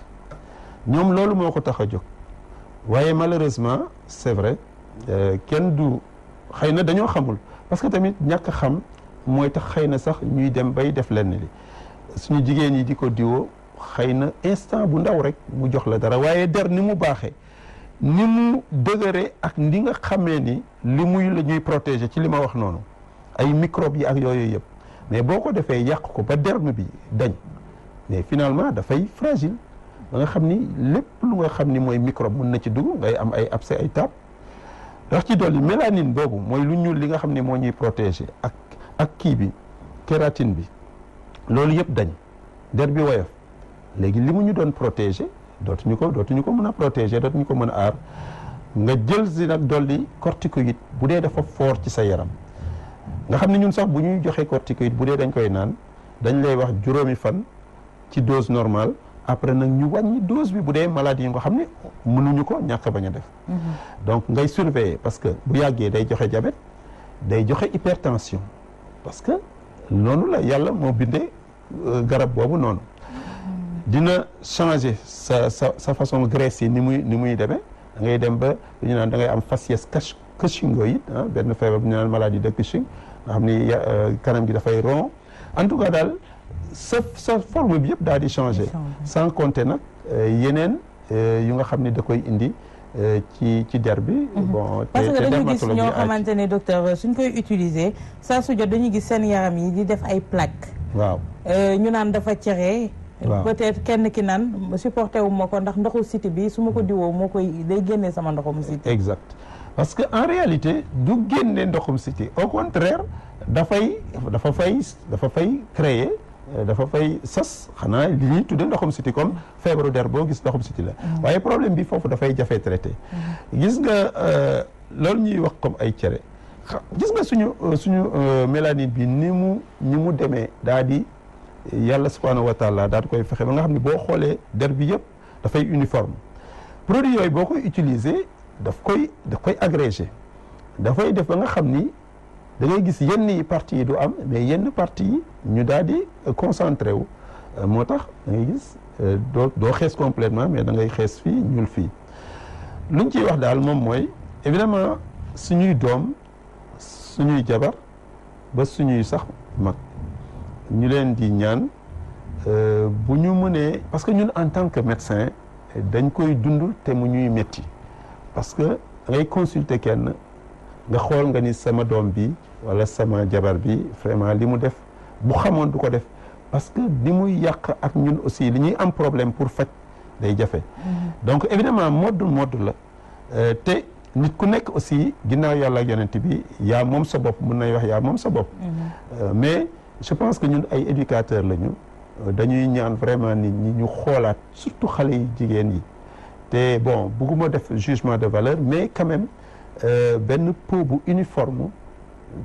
ñoom loolu moo ko tax a jóg waaye malheureusement c'est vrai euh, kenn du xëy na dañoo xamul parce que tamit ñàkk xam mooy tax xëy na sax ñuy dem bay def lenn li suñu jigéen yi di ko diwoo xëy na instant bu ndaw rek mu jox la dara waaye der ni mu baaxee ni mu dëgëre ak ni nga xamee ni li muy la ñuy protéger ci li ma wax noonu ay microbe yi ak yooyu yëpp mais boo ko defee yàq ko ba derme bi dañ mais finalement dafay fragile ba nga xam ni lépp lu nga xam ni mooy microbe mun na ci dugg ngay am ay abcès ay taab ndax ci dolli mélanine boobu mooy lu ñuul li nga xam ni moo ñuy protéger ak ak kii bi kératine bi loolu yëpp dañ der bi woyof léegi li mu ñu doon protéger dootuñu ko dootuñu ko mën a protéger dootuñu ko mën a aar nga jël si nag dolli corticoïde bu dee dafa foor ci sa yaram nga xam ne ñun sax bu ñuy joxee corticoïde bu dee dañ koy naan dañ lay wax juróomi fan ci dose normal après nag ñu wàññi dose bi bu dee maladie yi nga xam ne mënuñu ko ñàkk bañ a def mm-hmm. donc ngay surveiller parce que bu yàggee day joxe diabète day joxe hypertension parce que noonu la yàlla moo bindee euh, garab boobu noonu dina changer sa sa sa façon graisse yi ni muy ni muy demee ngay dem ba ñu naan da ngay am faciès cushingoïde ah benn feebar bu ñu naan maladie de Cushing nga xam ni euh, kanam gi dafay rond en tout cas daal sa forme bi yëpp daal di changer sans compter nag euh, yeneen euh, yu nga xam ni da koy indi ci ci der bi. Mhm. bon parce que dañu gis ñoo xamante ne docteur suñ koy utiliser saa su dañu gis seen yaram yi di def ay plaques. waaw ñu naan dafa cere. peut-être kenn ki naan supporté wu ma ko ndax ndoxu cité bi su ma ko diwoo moo koy day génnee sama ndoxum cité exact parce que en réalité du génne ndoxum cité au contraire dafay dafa fay dafa fay créer euh, dafa fay sas xanaa li ñuy tudde ndoxum siti comme feebaru der boo gis ndoxum siti la mm. waaye problème bi foofu dafay jafe traité mm. gis nga euh, loolu ñuy wax comme ay cere gis nga suñu euh, suñu mélanine bi ni mu ni mu demee daa di yàlla subhaanahu wa taala daal koy fexe ba nga xam ni boo xoolee der bi yëpp dafay uniforme produit yooyu boo koy utiliser daf koy daf koy agrégé dafay def ba nga xam ni dangay gis yenn yi parti yi du am mais yenn parti yi ñu daal di concentré wu moo tax da ngay gis euh, doo doo xees completement mais da ngay xees fii ñuul fii luñ ci wax daal moom mooy évidemment suñuy doom suñuy jabar ba suñuy sax mag ñu leen di ñaan euh, bu ñu mënee parce que ñun en tant que médecin dañ koy dund te mu ñuy métti parce que ngay consulter kenn nga xool nga ni sama doom bi wala sama jabar bi fraiment li mu def bu xamoon du ko def parce que li muy yàq ak ñun aussi li ñuy am problème pour faj day jafe. Mm-hmm. donc évidemment modd modd la euh, te nit ku nekk aussi ginnaaw yàlla ak yonent bi yaa moom sa bopp mën nay wax yaa moom sa bopp mm-hmm. euh, mais. je pense que ñun ay éducateurs lañu dañuy ñaan vraiment nit ñi ñu xoolaat surtout xale yi jigéen yi te bon bëgguma def jugement de valeur mais quand même euh, benn peau bu uniforme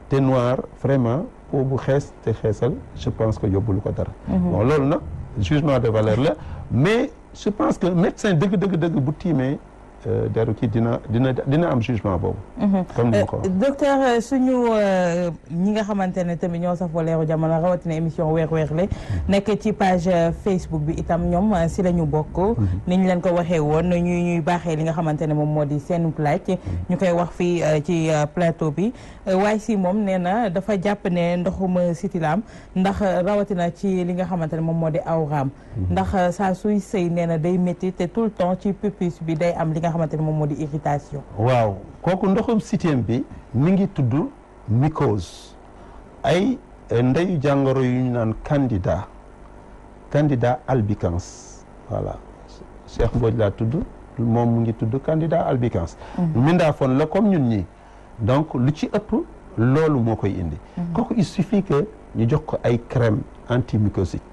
te noir vraiment peau bu xees te xeesal je pense que yóbbulu ko dara. Mhm. loolu nag jugement de valeur la mais je pense que médecin dëgg dëgg dëgg bu tiimee. Euh, deru ki dina dina dina am jugement boobu. Mhm. comme ni ma euh, ko docteur euh, suñu ñi nga xamante ne tamit ñoo safoo leeru jamono rawatina émission weer weer la mhm. nekk ci page Facebook bi itam ñoom si la ñu bokk. Mhm. ni ñu leen ko waxee woon ñu ñuy baaxee li nga xamante ne moom moo di seen laaj ñu koy wax fii ci plateau bi waaye si moom nee na dafa jàpp ne ndoxuma sitilaam ndax rawatina ci li nga xamante ne moom moo di awraam. ndax saa suy sëy nee day métti te tout le temps ci pupus bi day am li nga xamante moom moo di irritation. waaw kooku ndoxum sitéem bi mi ngi tudd mycose ay eh, ndeyu jàngoro yu ñu naan candida candida albicans voilà Cheikh Mbodj laa tudd moom mu ngi tudd candida albicans. mindaafoon mhm. la comme ñun ñi donc lu ci ëpp loolu moo koy indi. Mhm. kooku il suffit ñu jox ko ay crème antimycosique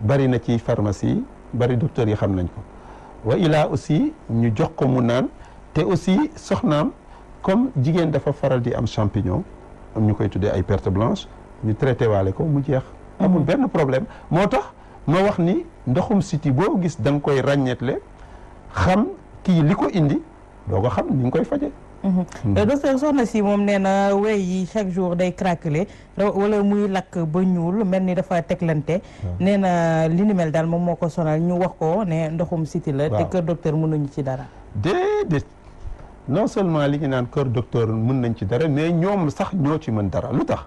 bari na ci pharmacie bari docteur yi xam nañ ko. wa ilaa aussi ñu jox ko mu naan te aussi soxnaam comme jigéen dafa faral di am champignon am ñu koy tuddee ay perte blanche ñu traité waale ko mu jeex amul benn problème moo tax ma wax ni ndoxum siti boo gis da nga koy ràññeetle xam kii li ko indi doo ko xam ni nga koy faje Mm-hmm. Euh, docteur soxna si moom nee na wey yi chaque jour day craquelé wala muy lakk ba ñuul mel ni dafa teglante ah. nee na li ni mel daal moom moo ko sonal ñu wax ko ne ndoxum siti la te kër docteur nañu ci dara déedéet non seulement li ñu naan kër docteur mën nañ ci dara mais ñoom sax ñoo ci mën dara lu tax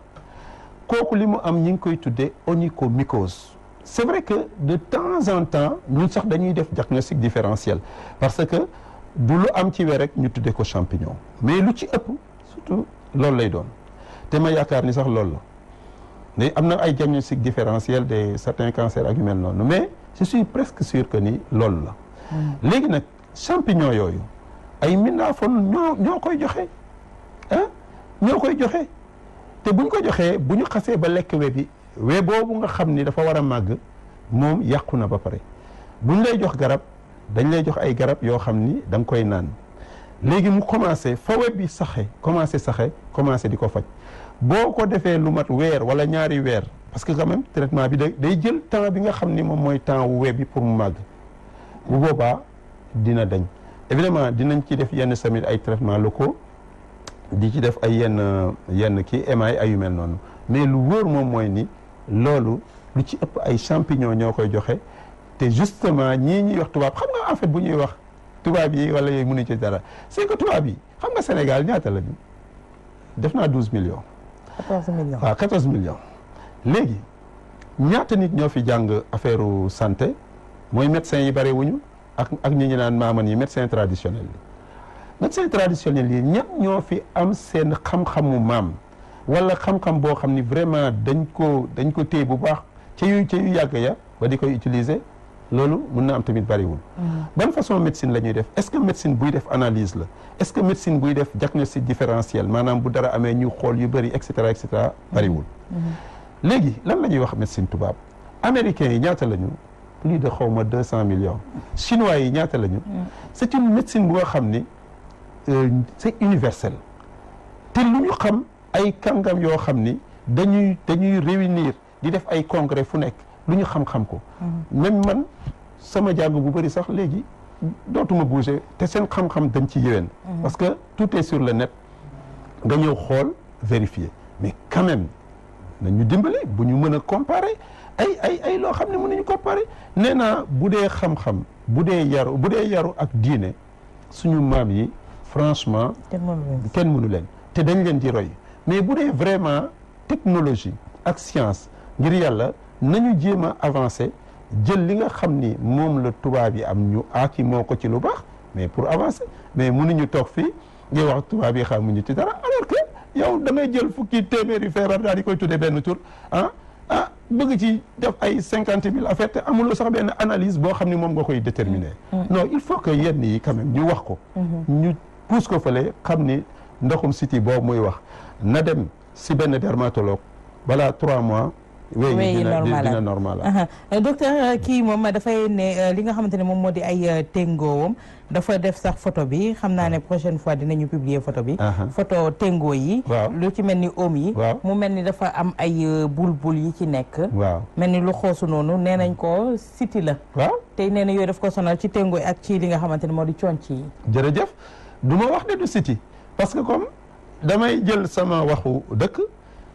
kooku li mu am ñi ngi koy tuddee onychomycose c'est vrai que de temps en temps ñun sax dañuy def diagnostic différentiel parce que du lu am ci weer rek ñu tuddee ko champignon mais lu ci ëpp surtout loolu lay doon te ma yaakaar ni sax loolu la nde am na ay si différentiel de certains cancers ak yu mel noonu mais ci suis presque sûr que ni loolu la. Mm. léegi nag champignon yooyu ay mindaafoon ñoo ñoo koy joxe ah ñoo koy joxe te buñ ko joxee bu ñu xasee ba lekk we bi we boobu nga xam ni dafa war a màgg moom yàqu na ba pare buñ lay jox garab. dañ lay jox ay garab yoo xam ni da nga koy naan léegi mu commencé fa web bi saxe commencé saxe commencé di ko faj boo ko defee lu mat weer wala ñaari weer parce que quand traitement bi day jël temps bi nga xam ni moom mooy temps web bi pour mu màgg bu boobaa dina deñ évidemment dinañ ci def yenn samit ay traitement ko di ci def ay yenn yenn kii émail ay mel noonu mais lu wóor moom mooy nii loolu lu ci ëpp ay champignon ñoo koy joxe te justement ñii ñuy wax tubaab xam nga en bu ñuy wax tubaab yi wala yooyu mënuñu ci dara c'est que tubaab yi xam nga Sénégal ñaata la def naa douze millions. quatorze millions waaw quatorze millions. léegi ñaata nit ñoo fi jàng affaire santé mooy médecin yi bare wuñu ak ak ñu ñu naan maaman yi médecin traditionnel yi. médecin traditionnel yi ñan ñoo fi am seen xam-xamu maam wala xam-xam boo xam ni vraiment dañ ko dañ ko téye bu baax ca yu ca yu yàgg ya ba di koy utiliser. loolu mun na am tamit bariwul. Mm. ban façon médecine la ñuy def est-ce que médecine buy def analyse la est-ce que médecine buy def diagnostic différentiel maanaam bu dara amee ñu xool yu bëri et cetera et cetera bariwul. Mm-hmm. léegi lan la ñuy wax médecine tubaab américains yi ñaata lañu plus de xaw ma deux cent millions chinois yi ñaata lañu. Mm. c'est une médecine bu xam ni euh, c'est universel te lu ñu xam ay kàngam yoo xam ni dañuy dañuy réunir di def ay congrès fu nekk. lu ñu xam-xam ko même man sama jàng bu bëri sax léegi dootuma bouger te seen xam-xam dañ ci yéwén mm-hmm. parce que tout est sur le net nga ñëw xool vérifier mais quand même nañu dimbali bu ñu mën a comparer ay ay ay loo xam ne mën nañu comparer nee naa bu dee xam-xam bu dee yaru bu dee yaru ak diine suñu maam yi franchement kenn mënu leen te dañ leen di roy mais bu dee vraiment technologie ak science ngir yàlla nañu jéem a avancé jël li nga xam ni moom la tubaab yi am ñu aki moo ko ci lu baax mais pour avancer mais ñu toog fii ngay wax tubaab yi xamuñu ci dara alors que yow da ngay jël fukki téeméeri feebar daal di koy tuddee benn tur ah ah bëgg ci def ay cinquante mille affaire te amuloo sax benn analyse boo xam ni moom nga koy déterminer mm. Mm. non il faut que yenn yi quand ñu wax ko mm-hmm. ñu pousse ko fële xam ni ndoxum siti boobu muy wax na dem si benn dermatologue balaa trois mois wéy normal dina normal docteur euh, kii moom dafay ne euh, li nga xamante moom moo di ay euh, téngoowam dafa def sax photo bi xam naa ne ah. prochaine fois dinañu publier photo bi photo téngoo yi lu ci mel ni oom yi mu mel ni dafa am ay bulbul yi ci nekk waaw mel ni lu xoosu noonu nee nañ ko siti la waaw te nee na yooyu daf ko sonal ci téngoo yi ak ci li nga xamante ne moo di conc yi jërëjëf du ma wax ne du siti parce que comme damay jël sama waxu dëkk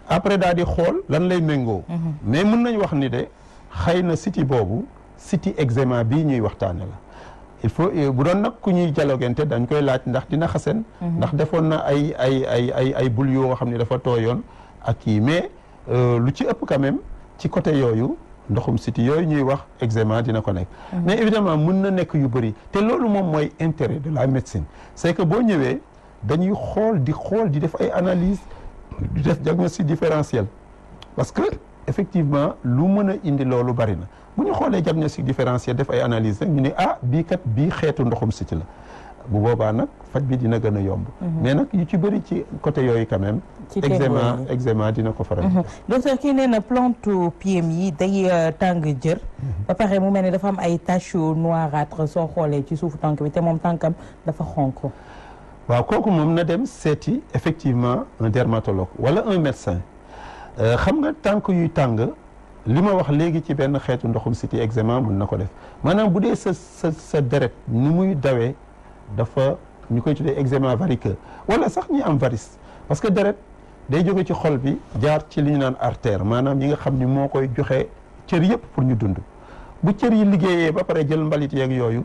après daal di xool lan lay méngoo. Mhm. mais mën nañ wax ni de xëy na siti boobu siti examen bii ñuy waxtaane la il faut euh, bu doon nag ku ñuy jalogente dañ koy laaj ndax dina xasen mhm. ndax defoon na ay ay ay ay ay bul yoo xam ni dafa yoon ak kii mais euh, lu ci ëpp quand même ci côté yooyu ndoxum siti yooyu ñuy wax examen dina ko nekk mhm. mais évidemment mën na nekk yu bëri te loolu moom mooy intérêt de la médecine c'est que boo ñëwee dañuy xool di xool di def ay analyse di def diagnostic différentiel parce que effectivement lu mën a indi loolu bari na bu ñu xoolee diagnostic différentiel def ay analyse rek ñu ne ah bii kat bii xeetu ndoxum siti la bu boobaa nag faj bi dina gën a yomb. Mhm. mais nag yu ci bëri ci côté yooyu quand même. ci eczéma eczéma dina ko faral. Mhm. docteur kii nee na plante PM yi day euh, tàng jër. Mhm. ba pare mu mel ni dafa am ay taches noirâtres soo xoolee ci suufu tànk bi te moom tànkam dafa xonq waaw kooku moom na dem seeti effectivement un dermatologue wala un médecin euh, xam nga tànk yuy tàng li ma wax léegi ci benn xeetu ndoxum siti eczéma mun na ko def maanaam bu dee sa sa sa deret ni muy dawee dafa ñu koy tuddee eczéma variqueux wala sax ñi am varice parce que deret day jóge ci xol bi jaar ci li ñu naan artère maanaam yi nga xam ni moo koy joxe cër yëpp pour ñu dund bu cër yi liggéeyee ba pare jël mbalit yeeg yooyu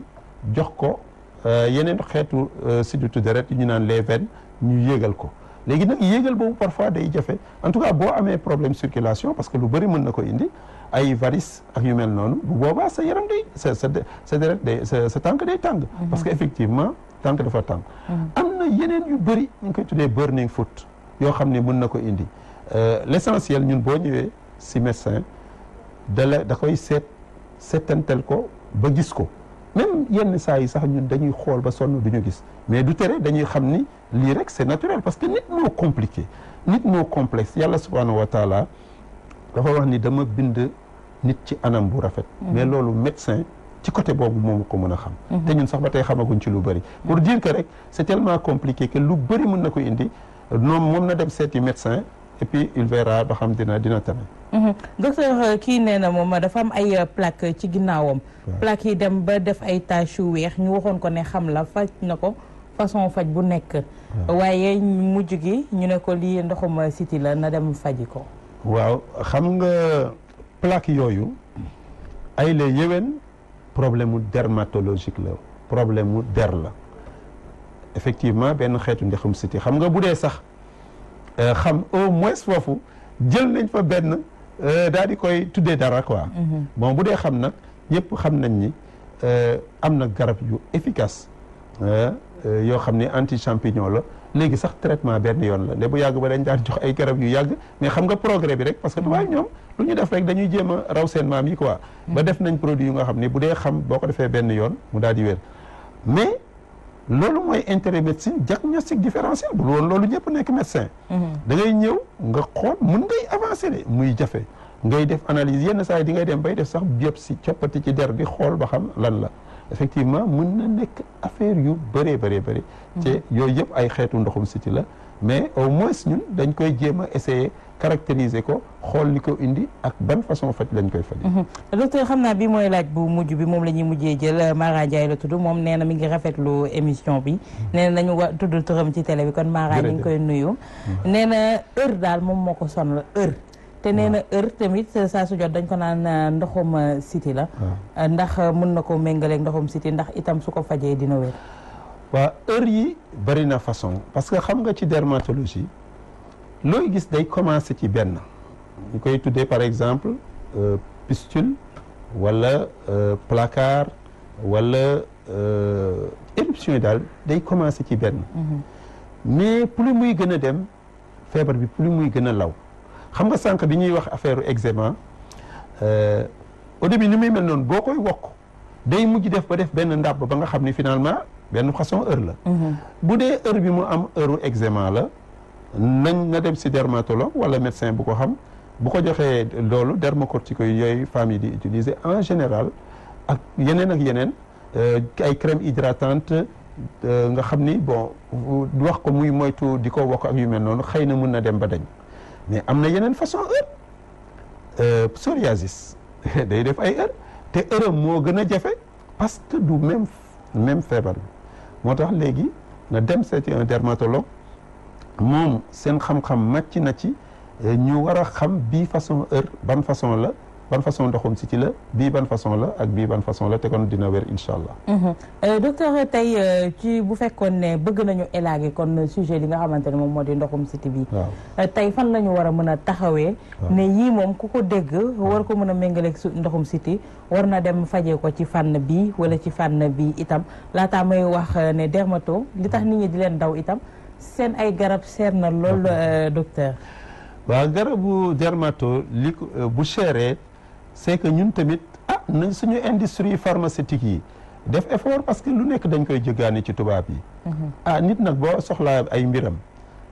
jox ko Euh, yeneen xeetu sidditu deret yi ñu naan les veines ñu yéegal ko léegi nag yéegal boobu parfois day jafe en tout cas boo amee problème circulation parce que lu bari mën na ko indi ay varices ak yu mel noonu bu boobaa sa yaram day sa sa sa deret day sa tànk day tàng mhm. parce que effectivement tànk dafa tàng mhm. am na yeneen yu bëri ñu ngi koy tuddee burning foot yoo xam ne mën na ko indi euh, l' essentiel ñun boo ñëwee si médecin da la da koy seet seetantel ko ba gis ko même yenn saa yi sax ñun dañuy xool ba sonn du ñu gis mais du tere dañuy xam ni lii rek c'est naturel parce que nit moo compliqué nit moo complexe yàlla subhaanahu wa taala dafa wax ni dama bind nit ci anam bu rafet mhm. mais loolu médecin ci côté boobu moom ko mën a xam mhm. te ñun sax ba tey xamaguñ ci lu bëri pour dire que rek c'est tellement compliqué que lu bëri mën na ko indi noom moom na dem seeti médecin et puis il verra ba xam dina dina tamit Mhm. docteur euh, kii nee na moom dafa am ay euh, plaque ci ginnaawam. plaque yi dem ba def ay taches yu weex ñu waxoon ko ne xam la faj na ko façon faj bu nekk. waaye mujj gi ñu ne ko lii ndoxum siti la na dem faji ko. waaw xam nga plaque yooyu ay la yéwén problème mu dermatologique la problème mu der la effectivement benn xeetu ndoxum siti xam nga bu dee sax euh, xam au moins foofu jël nañ fa benn. Euh, daal di koy tuddee dara quoi. Mhm. bon bu dee xam nag ñëpp xam nañ ni euh, am na garab yu efficace euh, yoo xam ne anti champignon la léegi sax traitement benn yoon la ne bu yàgg ba dañ daan jox ay garab yu yàgg mais xam nga progrès bi rek parce que tubaab mhm. ñoom lu ñu def rek dañuy jéema a raw seen maam yi quoi. ba mhm. def nañ produit yu nga xam ne bu dee xam boo ko defee benn yoon mu daal di wér loolu mooy intérêt médecine diagnostic différentiel bu woon loolu ñëpp nekk médecin mhm. da ngay ñëw nga xool mun ngay avancer de muy jafe ngay def analyse yenn saa yi di ngay dem bay def sax biopsie coppati ci der bi xool ba xam lan la effectivement mun na nekk affaire yu bëree bëree bëri mhm. te yooyu yëpp ay xeetu ndoxum siti la mais au moins ñun dañ koy jéem a essayer caractériser ko xool li ko indi ak ban façon faj lañ koy faj mhm. docteur xam naa bi mooy laaj bu mujj bi moom la ñuy mujjee jël euh, Mara Ndiaye la tudd moom nee na mi ngi rafetlu émission bi mhm. nee na nañu wa tudd turam ci télé bi kon Mara nga koy nuyu mhm. nee na heure daal moom moo ko sonal heure te nee na heure tamit euh, saa su jot dañ ko naan euh, ndoxum siti la ndax mën na ko méngaleeg ndoxum siti ndax itam su ko fajee dina wér waaw heure yi bari na façon parce que xam nga ci dermatologie looy gis day commencé ci benn ñu koy tuddee par exemple euh, pistule wala euh, placard wala euh, éruption yi daal day commencé ci benn mhm. mais plus muy gën a dem feebar bi plus muy gën a law xam nga sànq bi ñuy wax affaire eczéma au début ni muy mel noonu boo koy wokk day mujj def ba def benn ndàbb ba nga xam ni finalement benn façon heure la mhm. bu dee heure bi mu am heure eczéma la nañ na dem si dermatologue wala médecin bu ko xam bu ko joxee loolu dermocorticoïdes yooyu famille yi di utiliser en général ak yeneen ak yeneen euh, ay crème hydratante euh, nga xam ni bon wax ko muy moytu di ko wax ak yu mel noonu xëy na mun na dem ba dañ mais am na yeneen façon heure euh, psoriasis <laughs> day def ay heure te heure moo gën a jafe parce que du même même feebar bi moo tax léegi na dem seeti en dermatologue moom seen xam-xam màcc na ci eh, ñu war a xam bii façon heure ban façon la ban façon ndoxum si ci la bii ban façon la ak bii ban façon la te kon dina wér incha allah. Mhm. Eh, docteur tey euh, ci bu fekkoon ne bëgg nañu élaguer kon sujet li nga xamante ne moom moo di ndoxum siti bi euh, tey fan la war a mën a taxawee. ne yii moom ku ko dégg war ko mën a méngaleeg su ndoxum siti war na dem fajee ko ci fànn bi wala ci fànn bi itam laataa may wax euh, ne dermato li tax mm. nit ñi di leen daw itam. seen ay garab seer na loolu euh, docteur. waaw garabu dermato li euh, bu chéré c'est que ñun tamit ah nañ suñu industrie pharmaceutique yi def effort parce que lu nekk dañ koy jëgaani ci tubaab yi. Mhm. ah nit nag boo soxlaa ay mbiram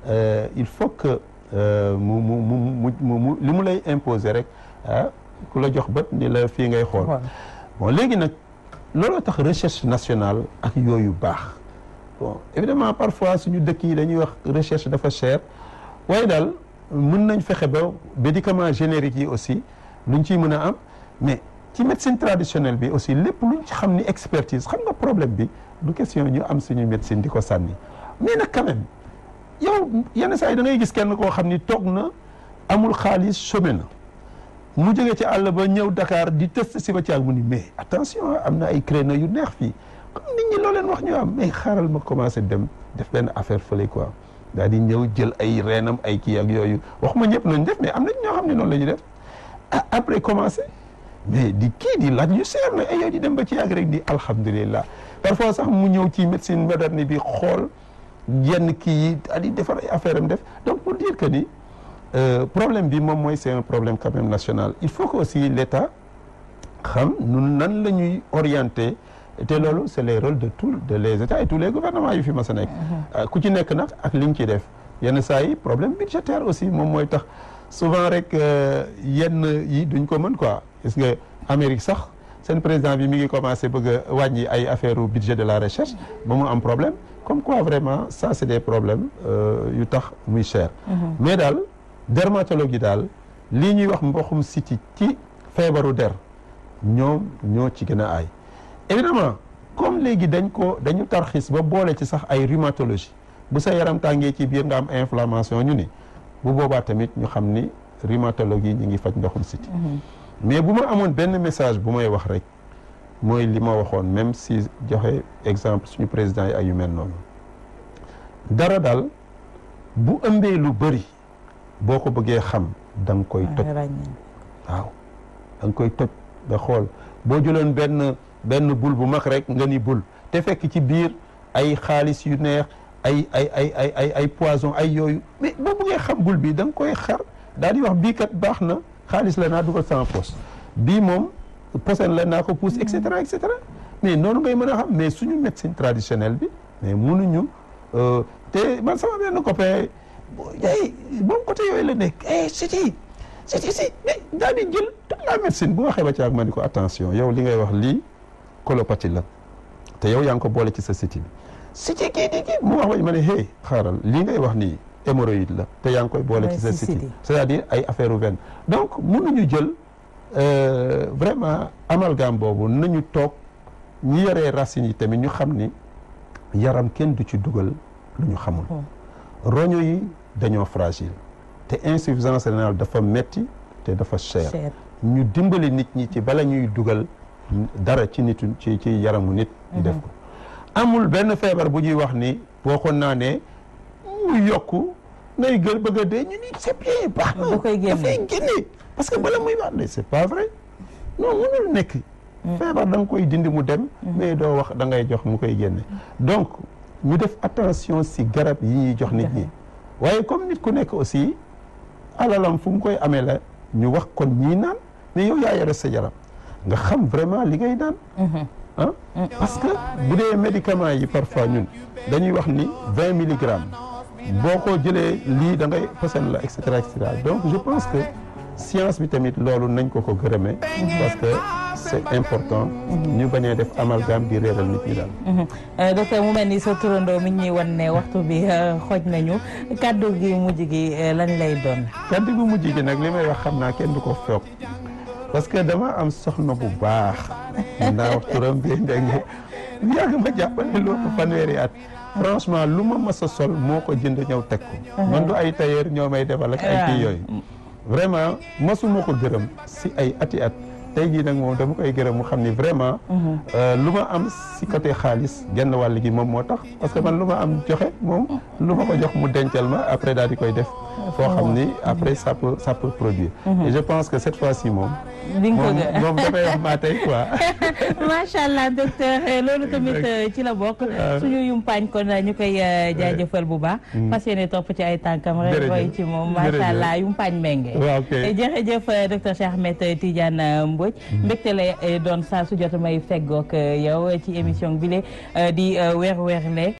euh, il faut que mu mu mu mu li mu lay imposer rek ah ku la jox bët ni la fii ngay xool. léegi nag looloo tax recherche nationale ak yooyu baax. bon évidemment parfois suñu dëkk yi dañuy wax recherche dafa cher waaye daal mun nañ fexe ba médicaments génériques yi aussi luñ ciy mën a am mais ci médecine traditionnel bi aussi lépp luñ ci xam ni expertise xam nga problème bi du question ñu am suñu médecine di ko sànni mais nag quand même yow sax yi da gis kenn koo xam ni toog na amul xaalis chômé na mu jógee ci àll ba ñëw Dakar di test si ba caag mu ni mais attention am na ay créneaux yu neex fii comme nit ñi loo leen wax ñu am mais xaaral ma commencé dem def benn affaire fële quoi daal di ñëw jël ay reenam ay kii ak yooyu ma ñëpp nañ def mais am nañ ñoo xam ne noonu la ñu def ah, après commencé mais di kii di laaj ñu seer na ay yooyu di dem ba ci yàgg rek di alhamdulilah parfois sax mu ñëw ci médecine moderne bi xool yenn kii yi daal defar ay affaire am def donc pour dire que ni euh, problème bi moom mooy seen problème quand même national il faut que aussi l'État xam nun nan la ñuy orienter te loolu c' est les rôles de tous de les états et tous les gouvernements yu fi mas a nekk. Uh-huh. ku ci nekk nag ak li ñu ciy def yenn saa problème budgétaire aussi moom mooy tax souvent rek euh, yenn yi duñ ko mën quoi gis nga Amérique sax seen président bi mi ngi commencé bëgg wàññi ay affaire au budget de la recherche ba mu am problème comme quoi vraiment ça c' est problème problèmes euh, yu tax muy cher. Uh-huh. mais daal dermatologue daal lii ñuy wax mboxum siti ci feebaru der ñoom ñoo ci gën a aay. évidemment comme léegi dañ ko dañu tarxiis ba boole ci sax ay rhumatologie bu sa yaram tàngee ci biir nga am inflammation ñu ni bu boobaa tamit ñu xam ni rhumatologue yi ñu ngi faj ndoxum siti mhm. mais bu ma amoon benn message bu may wax rek mooy li ma waxoon même si joxe exemple suñu président yi ak yu mel noonu dara daal bu ëmbee lu bëri boo ko bëggee xam da koy toj waaw da nga koy toj nga xool boo jëloon benn benn bul bu mag rek nga ni bul te fekk ci biir ay xaalis yu neex ay ay ay ay ay ay poison ay yooyu mais boo bëggee xam bul bi da nga koy xar daal di wax bii kat baax na xaalis la naa dugal sama poche bii moom posen la naa ko pousse et cetera mais noonu ngay mën a xam mais suñu médecine traditionnelle bi mais mënuñu euh, te man sama benn copain ay moom côté yooyu la nekk eh siti siti si daal di jël toute la médecine bu waxee ba ci ak ma ni ko attention yow li ngay wax lii colopathie la te yow yaa ngi ko boole ci sa siti bi siti kii di kii mu wax ma ne hey xaaral lii ngay wax nii hémorroïde la te yaa ngi koy boole ci sa siti c'est-à-dire ay affaire u veine donc ñu jël euh, vraiment amalgame boobu ñu toog ñu yoree racines yi tamit ñu xam ni yaram kenn du ci dugal lu ñu xamul hmm. roño yi dañoo fragile te insuffisance rénale dafa metti te dafa cher ñu dimbali nit ñi ci bala ñuy dugal dara ci nitu ci ci yaramu nit ñu def ko amul benn feebar bu ñuy wax ni waxoon naa ne mu yokk nay gën bëgg a dee ñu ni c'est bien baax na dafay génne parce que bala muy baax de c'est nekk mm. feebar da nga dindi mu dem mm. doo wax da ngay jox mu koy génne donc ñu def attention si garab yi ñuy jox nit ñi waaye comme nit ku nekk aussi alalam fu mu koy amee la ñu wax kon ñii naan mais yow yaa yore sa yaram nga xam vraiment li ngay daan mhm. ah parce que bu dee médicaments yi parfois ñun dañuy wax ni vingt milligrammes boo ko jëlee lii da ngay posen la et cetera et cetera donc je pense que science bi tamit loolu nañ ko ko gërëmee parce que c'est important ñu bañee def amalgame di réeral nit ñi daal mhm. euh, docteur mu mel ni sa turandoo mi ñuy wan ne waxtu bi euh, xooj nañu kaddu gi mujj gi euh, lañ lay doon kaddu gu mujj gi nag li may wax xam naa kenn du ko foog parce que dama am soxna bu baax naa wax turam bi dégg nga yàgg ma jàppale loolu fanweeri at franchement lu ma mas sol moo ko jënd ñëw teg ko man du ay tailleur ñoo may defal ak ay ah. kii yooyu vraiment masuma ko gërëm si ay ati at tey jii nag moom dama koy gërëm mu xam ni vraiment mhm. euh, lu ma am si côté xaalis genn wàll gi moom moo tax parce que man lu ma am joxe moom lu ma ko jox mu dencal ma après daal di koy def ah, foo xam ni après ça peut ça mhm. pense que cette fois-ci moom bi moom dafay wax maa tey quoi. <laughs> macha allah docteur eh, loolu tamit eh, ci la bokk. Ah. suñu yumpaañ kon eh, ñu koy jaajëfal bu baax. Mm. fas yéene topp ci ay tànkam rek roy ci moom macha allah yumpaañ menge. waaw kay jërëjëf docteur Cheikh Ahmed Tidiane Mbodj. Mm. mbégte doon saa su jot may feggoog yow ci émission bile di weer weer le